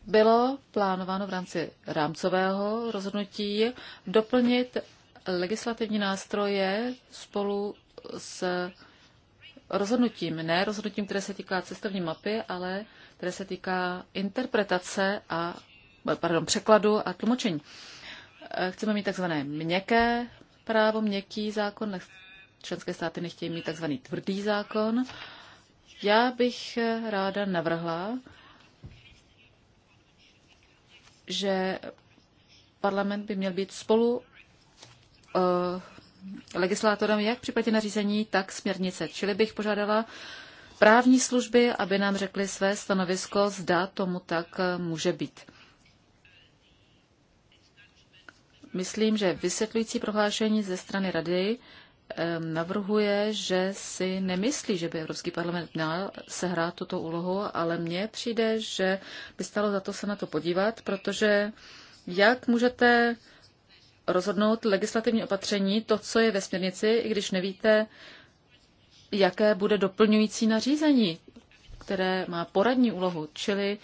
bylo plánováno v rámci rámcového rozhodnutí doplnit legislativní nástroje spolu s rozhodnutím, ne rozhodnutím, které se týká cestovní mapy, ale které se týká interpretace a pardon, překladu a tlumočení. Eh, chceme mít takzvané měkké právo, měkký zákon, členské státy nechtějí mít takzvaný tvrdý zákon. Já bych ráda navrhla, že parlament by měl být spolu eh, legislátorem jak v případě nařízení, tak směrnice. Čili bych požádala právní služby, aby nám řekly své stanovisko, zda tomu tak eh, může být. Myslím, že vysvětlující prohlášení ze strany rady navrhuje, že si nemyslí, že by Evropský parlament měl sehrát tuto úlohu, ale mně přijde, že by stalo za to se na to podívat, protože jak můžete rozhodnout legislativní opatření, to, co je ve směrnici, i když nevíte, jaké bude doplňující nařízení, které má poradní úlohu, čili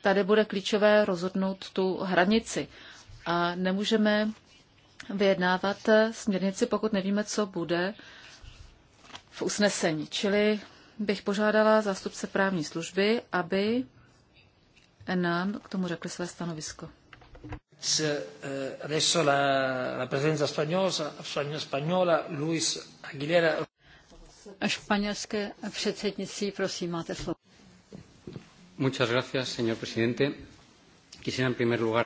tady bude klíčové rozhodnout tu hranici. A nemůžeme vyjednávat směrnici, pokud nevíme, co bude v usnesení. Čili bych požádala zástupce právní služby, aby nám k tomu řekli své stanovisko. Eh, Španělské předsednictví, prosím, máte slovo. Muchas gracias, señor presidente. Quisiera en primer lugar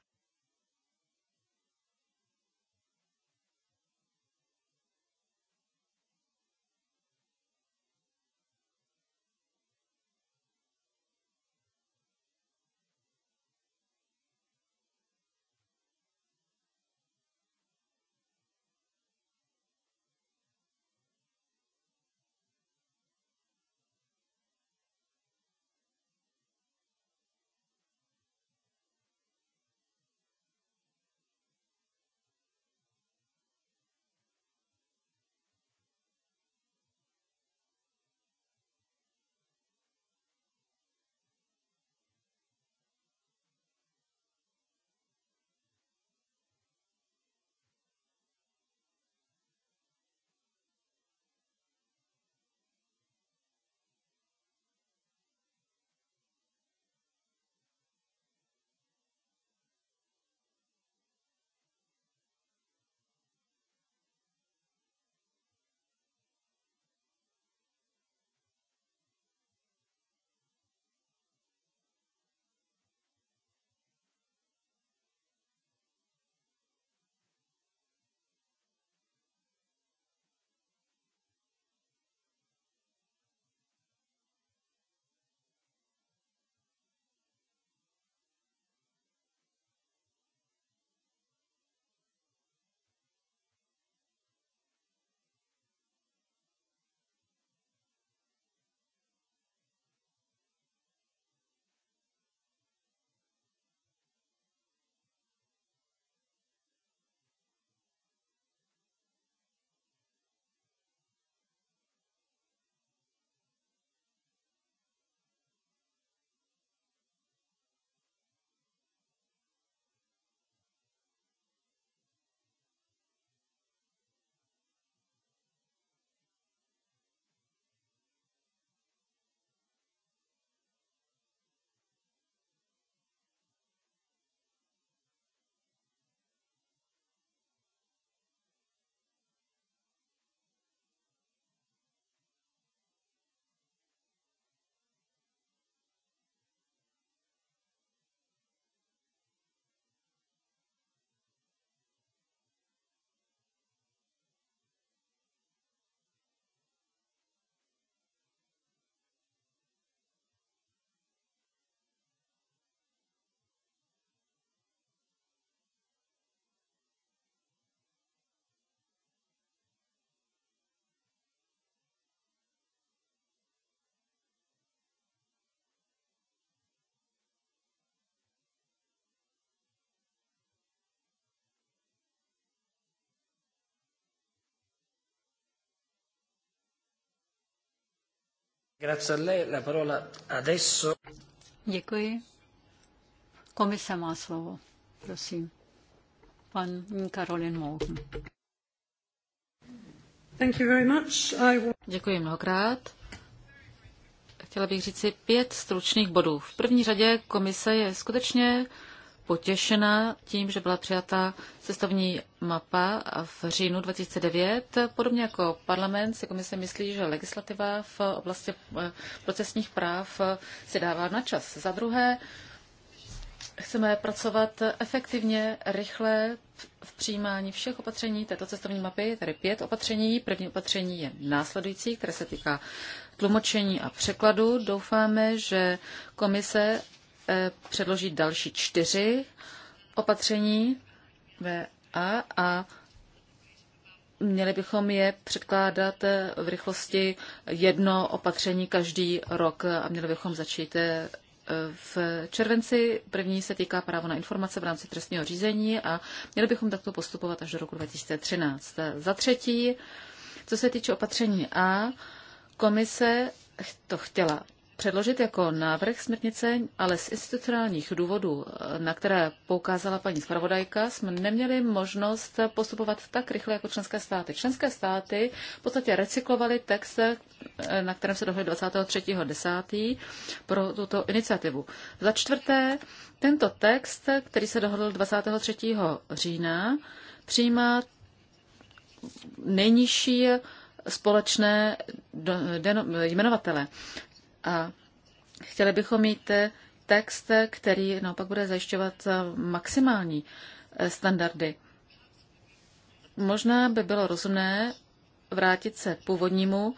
Děkuji. Komise má slovo. Prosím. Pan Karolin Mouhn. Děkuji mnohokrát. Chtěla bych říci pět stručných bodů. V první řadě komise je skutečně potěšena tím, že byla přijata cestovní mapa v říjnu 2009. Podobně jako parlament se komise myslí, že legislativa v oblasti eh, procesních práv eh, si dává na čas. Za druhé, chceme pracovat efektivně, rychle v přijímání všech opatření této cestovní mapy, Tady pět opatření. První opatření je následující, které se týká tlumočení a překladu. Doufáme, že komise Eh, předložit další čtyři opatření VA a měli bychom je předkládat eh, v rychlosti jedno opatření každý rok a měli bychom začít eh, v červenci. První se týká právo na informace v rámci trestního řízení a měli bychom takto postupovat až do roku 2013. Za třetí, co se týče opatření A, komise to chtěla předložit jako návrh směrnice, ale z institucionálních důvodů, na které poukázala paní zpravodajka, jsme neměli možnost postupovat tak rychle jako členské státy. Členské státy v podstatě recyklovaly text, eh, na kterém se dohodli 23.10. pro tuto iniciativu. Za čtvrté, tento text, který se dohodl 23. října, přijímá nejnižší společné jmenovatele. A chtěli bychom mít eh, text, eh, který naopak bude zajišťovat eh, maximální standardy. Možná by bylo rozumné vrátit se k původnímu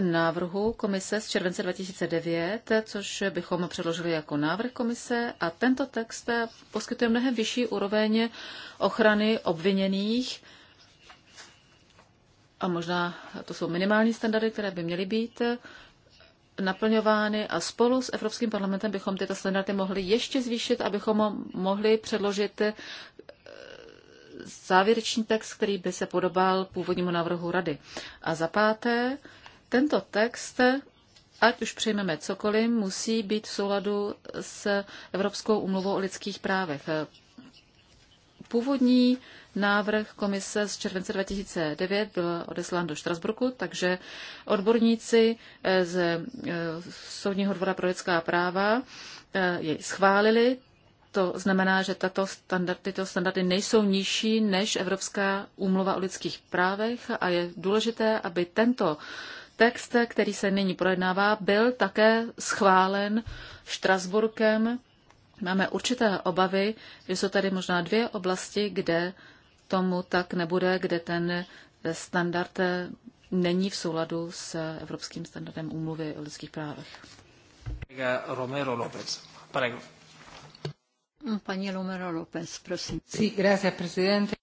návrhu komise z července 2009, což bychom předložili jako návrh komise a tento text poskytuje mnohem vyšší úroveň ochrany obviněných a možná to jsou minimální standardy, které by měly být naplňovány a spolu s Evropským parlamentem bychom tyto standardy mohli ještě zvýšit, abychom mohli předložit eh, závěrečný text, který by se podobal původnímu návrhu rady. A za páté, tento text, ať už přejmeme cokoliv, musí být v souladu s Evropskou umluvou o lidských právech. Původní návrh komise z července 2009 byl odeslán do Štrasburku, takže odborníci eh, z eh, Soudního dvora pro lidská práva eh, jej schválili. To znamená, že tato standard, tyto standardy nejsou nižší než Evropská úmluva o lidských právech a je důležité, aby tento text, který se nyní projednává, byl také schválen Štrasburkem Máme určité obavy, že jsou tady možná dvě oblasti, kde tomu tak nebude, kde ten standard není v souladu s evropským standardem úmluvy o lidských právech. Romero López. Prego. Paní Romero López, prosím. Sí, gracias, presidente.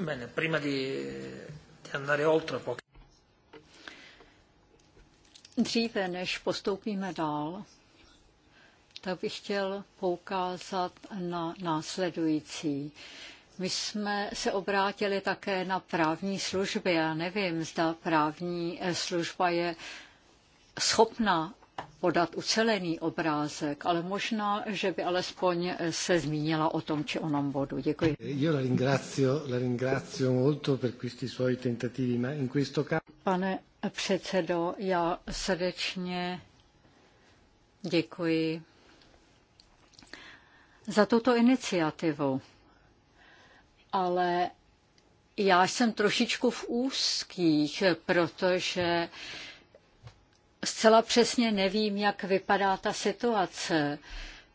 Bene, prima di, di andare oltre Dříve než postoupíme dál, tak bych chtěl poukázat na následující. My jsme se obrátili také na právní služby. Já nevím, zda právní eh, služba je schopna podat ucelený obrázek, ale možná, že by alespoň se zmínila o tom či onom bodu. Děkuji. Io la ringrazio, la ringrazio molto per questi suoi tentativi, ma in questo caso... Pane předsedo, já srdečně děkuji za tuto iniciativu, ale já jsem trošičku v úzkých, protože zcela přesně nevím, jak vypadá ta situace.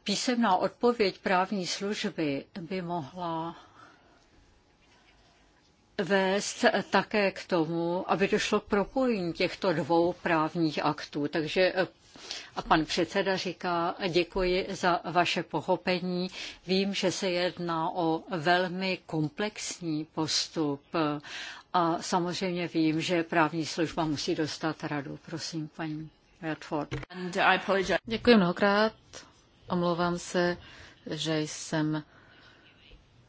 Písemná odpověď právní služby by mohla vést také k tomu, aby došlo k propojení těchto dvou právních aktů. Takže eh, a pan předseda říká, děkuji za vaše pochopení. Vím, že se jedná o velmi komplexní postup a samozřejmě vím, že právní služba musí dostat radu. Prosím, paní Redford. Děkuji mnohokrát. Omlouvám se, že jsem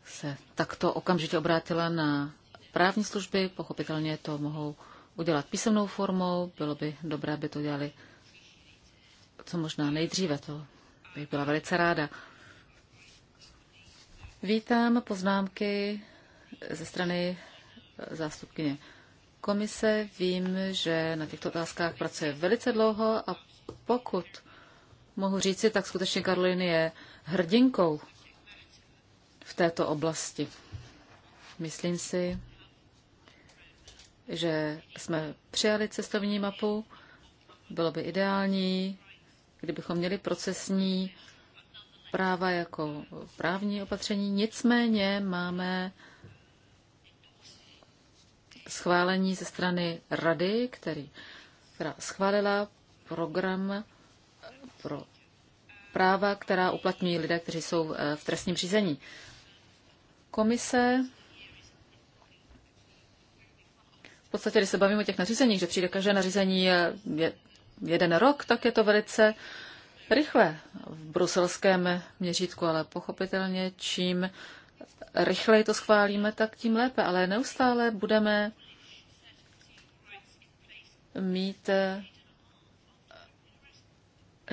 se takto okamžitě obrátila na právní služby. Pochopitelně to mohou udělat písemnou formou. Bylo by dobré, aby to dělali co možná nejdříve. To bych byla velice ráda. Vítám poznámky ze strany zástupkyně komise. Vím, že na těchto otázkách pracuje velice dlouho a pokud mohu říci, tak skutečně Karolin je hrdinkou v této oblasti. Myslím si, že jsme přijali cestovní mapu. Bylo by ideální, kdybychom měli procesní práva jako právní opatření. Nicméně máme schválení ze strany rady, který, která schválila program pro práva, která uplatňují lidé, kteří jsou eh, v trestním řízení. Komise v podstatě, když se bavíme o těch nařízeních, že přijde každé nařízení eh, jeden rok, tak je to velice rychle v bruselském měřítku, ale pochopitelně čím rychleji to schválíme, tak tím lépe. Ale neustále budeme mít eh,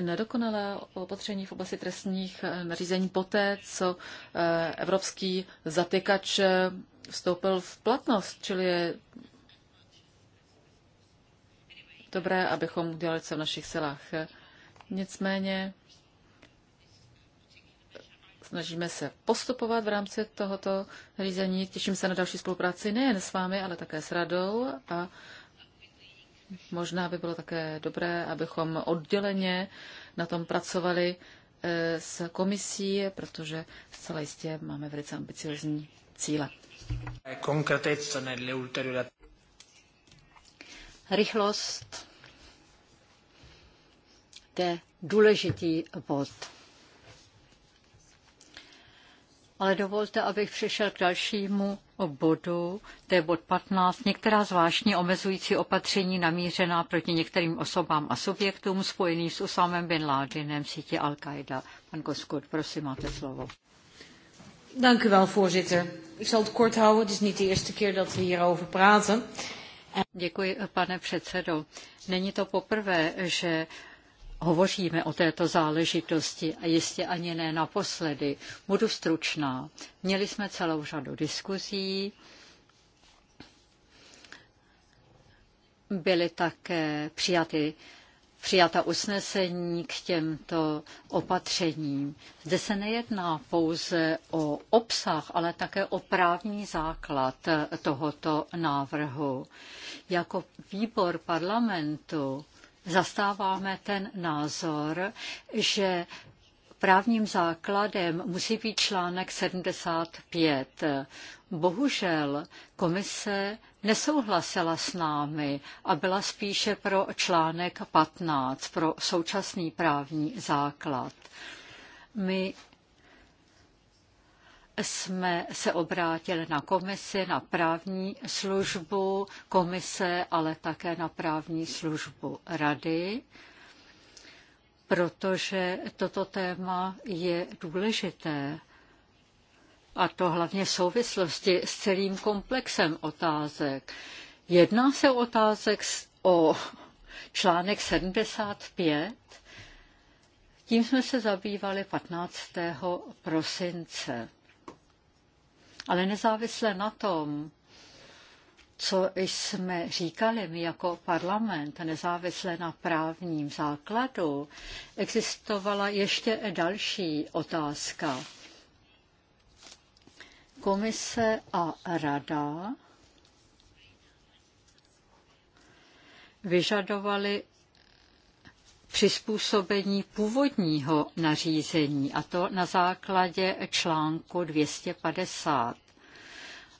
nedokonalé opatření v oblasti trestních eh, nařízení poté, co eh, evropský zatykač vstoupil v platnost, čili je dobré, abychom udělali co v našich silách. Nicméně Snažíme se postupovat v rámci tohoto řízení. Těším se na další spolupráci nejen s vámi, ale také s radou a možná by bylo také dobré, abychom odděleně na tom pracovali eh, s komisí, protože zcela jistě máme velice ambiciozní cíle. Rychlost, to je důležitý bod ale dovolte, abych přešel k dalšímu bodu, to je bod 15, některá zvláštní omezující opatření namířená proti některým osobám a subjektům spojeným s Usámem bin Ládinem v síti Al-Qaida. Pan Koskut, prosím, máte slovo. Dank u wel, voorzitter. Ik zal het kort houden. Het is niet de eerste keer dat we hierover praten. Děkuji, pane předsedo. Není to poprvé, že hovoříme o této záležitosti a jistě ani ne naposledy. Budu stručná. Měli jsme celou řadu diskuzí, byly také přijaty přijata usnesení k těmto opatřením. Zde se nejedná pouze o obsah, ale také o právní základ tohoto návrhu. Jako výbor parlamentu zastáváme ten názor, že právním základem musí být článek 75. Bohužel komise nesouhlasila s námi a byla spíše pro článek 15, pro současný právní základ. My jsme se obrátili na komisi, na právní službu komise, ale také na právní službu rady, protože toto téma je důležité. A to hlavně v souvislosti s celým komplexem otázek. Jedná se o otázek o článek 75. Tím jsme se zabývali 15. prosince. Ale nezávisle na tom, co jsme říkali my jako parlament, nezávisle na právním základu, existovala ještě další otázka. Komise a rada vyžadovali přizpůsobení původního nařízení, a to na základě článku 250.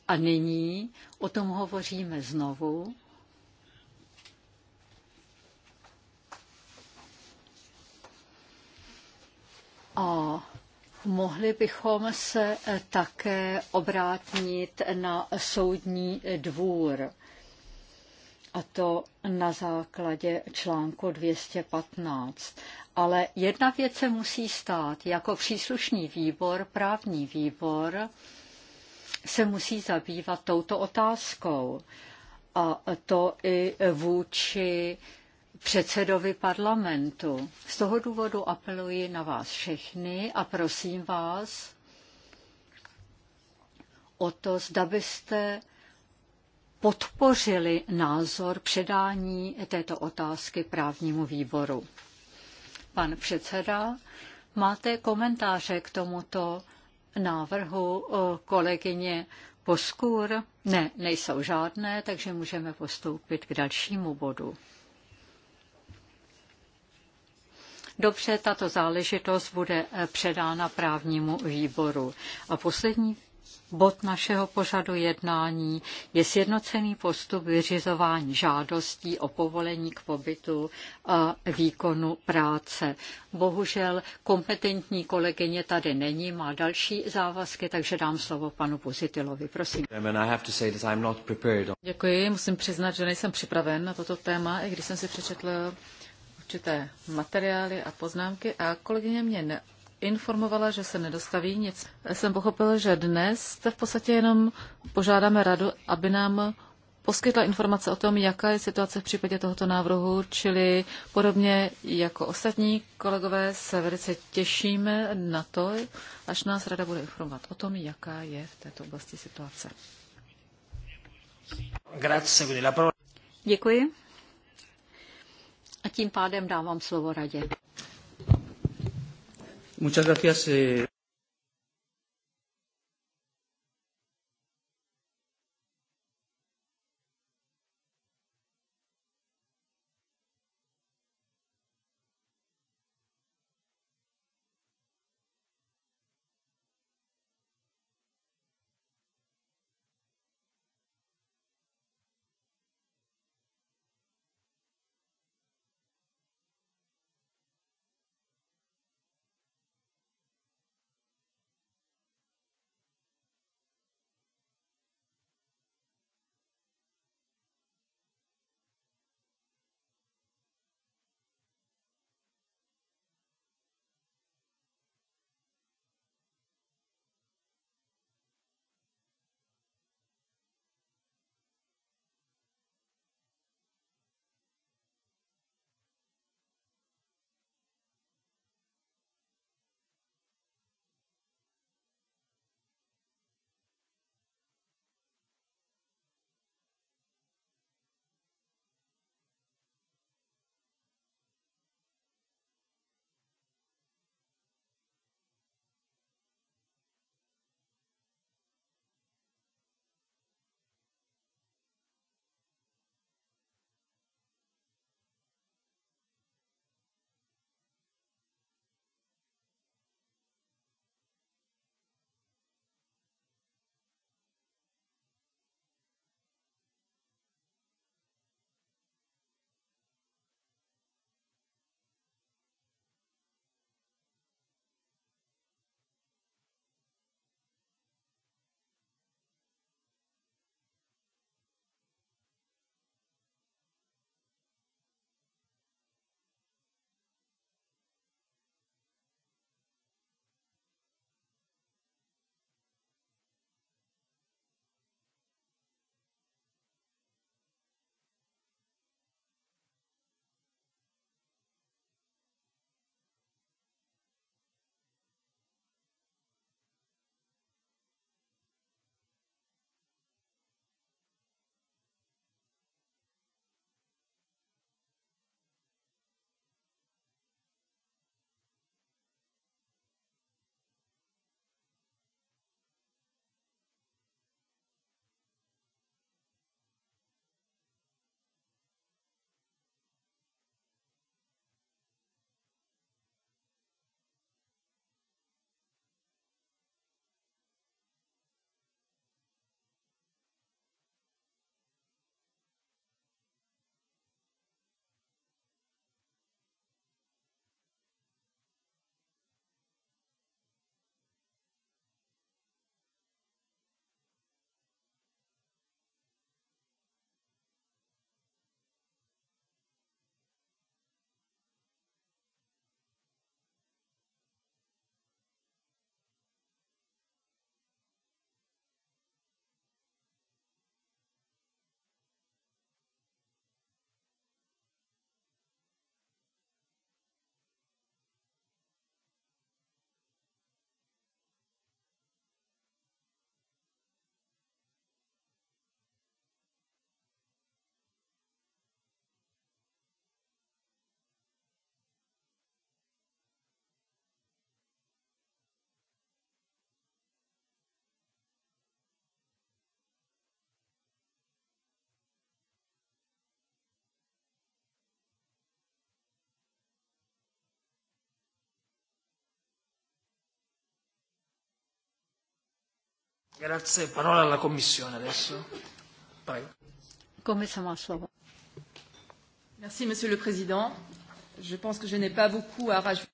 A nyní o tom hovoříme znovu. A mohli bychom se také obrátit na soudní dvůr a to na základě článku 215. Ale jedna věc se musí stát. Jako příslušný výbor, právní výbor, se musí zabývat touto otázkou. A to i vůči předsedovi parlamentu. Z toho důvodu apeluji na vás všechny a prosím vás o to, zda byste podpořili názor předání této otázky právnímu výboru. Pan předseda, máte komentáře k tomuto návrhu eh, kolegyně Poskůr? Ne, nejsou žádné, takže můžeme postoupit k dalšímu bodu. Dobře, tato záležitost bude eh, předána právnímu výboru. A poslední bod našeho pořadu jednání je sjednocený postup vyřizování žádostí o povolení k pobytu a výkonu práce. Bohužel kompetentní kolegyně tady není, má další závazky, takže dám slovo panu Pozitilovi. Prosím. Děkuji, musím přiznat, že nejsem připraven na toto téma, i když jsem si přečetl určité materiály a poznámky a kolegyně mě informovala, že se nedostaví nic. Jsem pochopil, že dnes v podstatě jenom požádáme radu, aby nám poskytla informace o tom, jaká je situace v případě tohoto návrhu, čili podobně jako ostatní kolegové se velice těšíme na to, až nás rada bude informovat o tom, jaká je v této oblasti situace. Děkuji. A tím pádem dávám slovo radě. Muchas gracias. Eh... Grazie, parola alla Commissione adesso. Prego. Komise má slovo. Merci, Monsieur le Président. Je pense que je n'ai pas beaucoup à rajouter.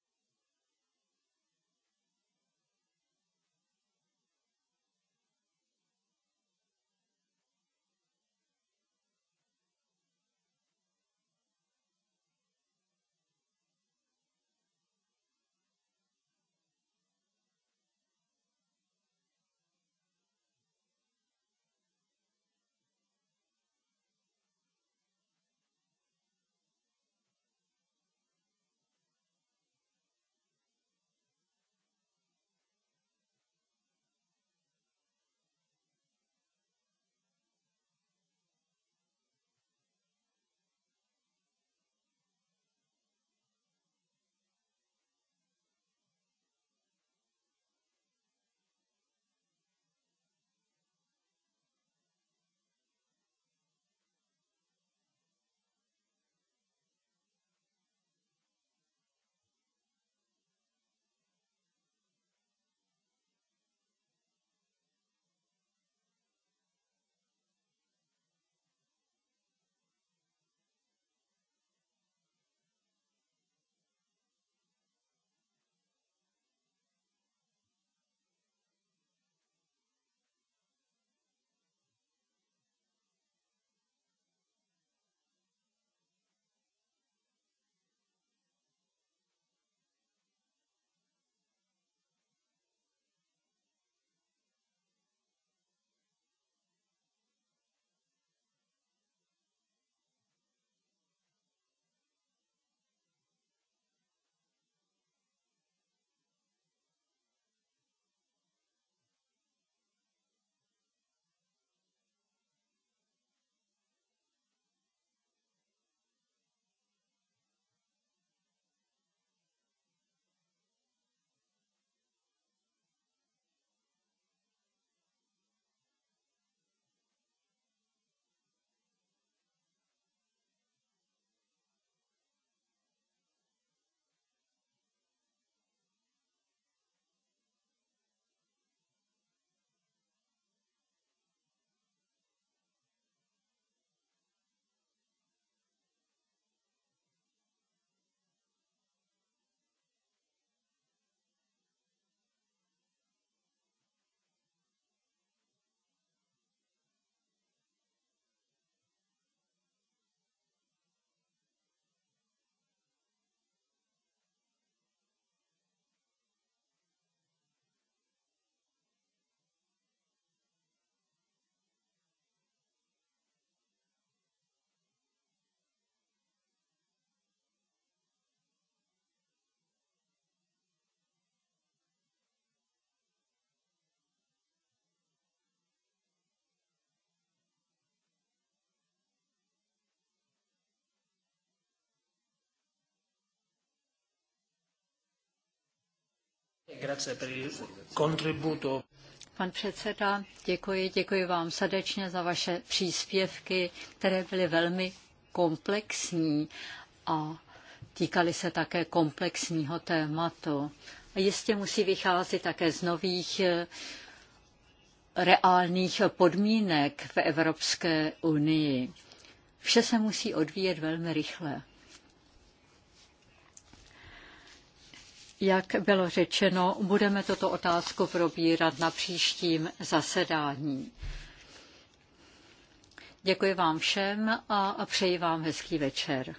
Pan předseda, děkuji, děkuji vám srdečně za vaše příspěvky, které byly velmi komplexní a týkaly se také komplexního tématu. A jistě musí vycházet také z nových eh, reálných podmínek v Evropské unii. Vše se musí odvíjet velmi rychle. Jak bylo řečeno, budeme toto otázku probírat na příštím zasedání. Děkuji vám všem a přeji vám hezký večer.